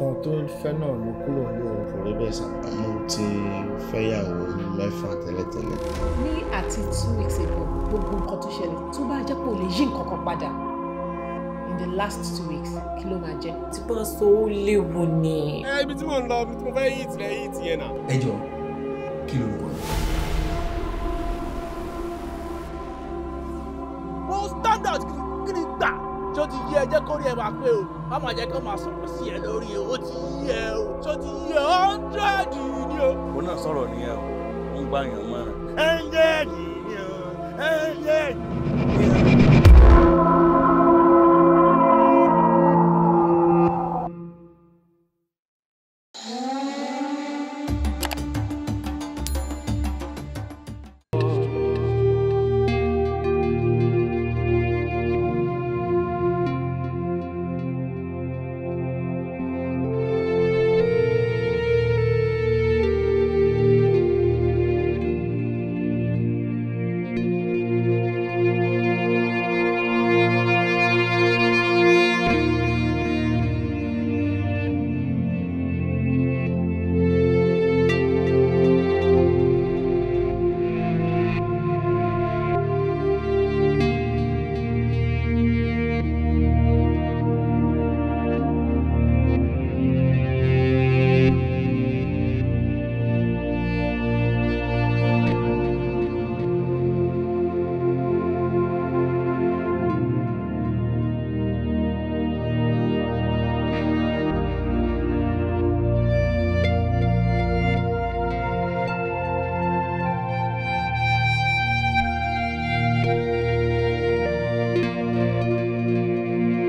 kan tó fẹ́ náà ló kúrò ní òun. kò rí bẹ́ẹ̀ sá mo ti fẹ́yàwó mẹ́fà tẹ́lẹ̀tẹ́lẹ̀. ní àti two weeks ago gbogbo nǹkan tó ṣẹlẹ̀ tó bá jẹ́ pé lè yí nǹkan kan padà in the last two weeks kí ló máa jẹ. tí bá sọ ó léwu ni. ẹ ibi tí mò ń lọ ibi tí mo fẹ́ yí ìtìlẹ̀ yí ìtìyẹn náà. ẹ jọ kí ló ń kọ́ ni. pé o a máa jẹ́ kí wọ́n máa sọ̀rọ̀ sí ẹ lórí o ó ti yí ẹ o tó ti yí ẹ ọ́ndẹ́ẹ̀dì ni o. òun náà sọ̀rọ̀ nìyẹn o ń gbà yàn mọ́ra. ẹ̀ ń yẹ́ ẹ̀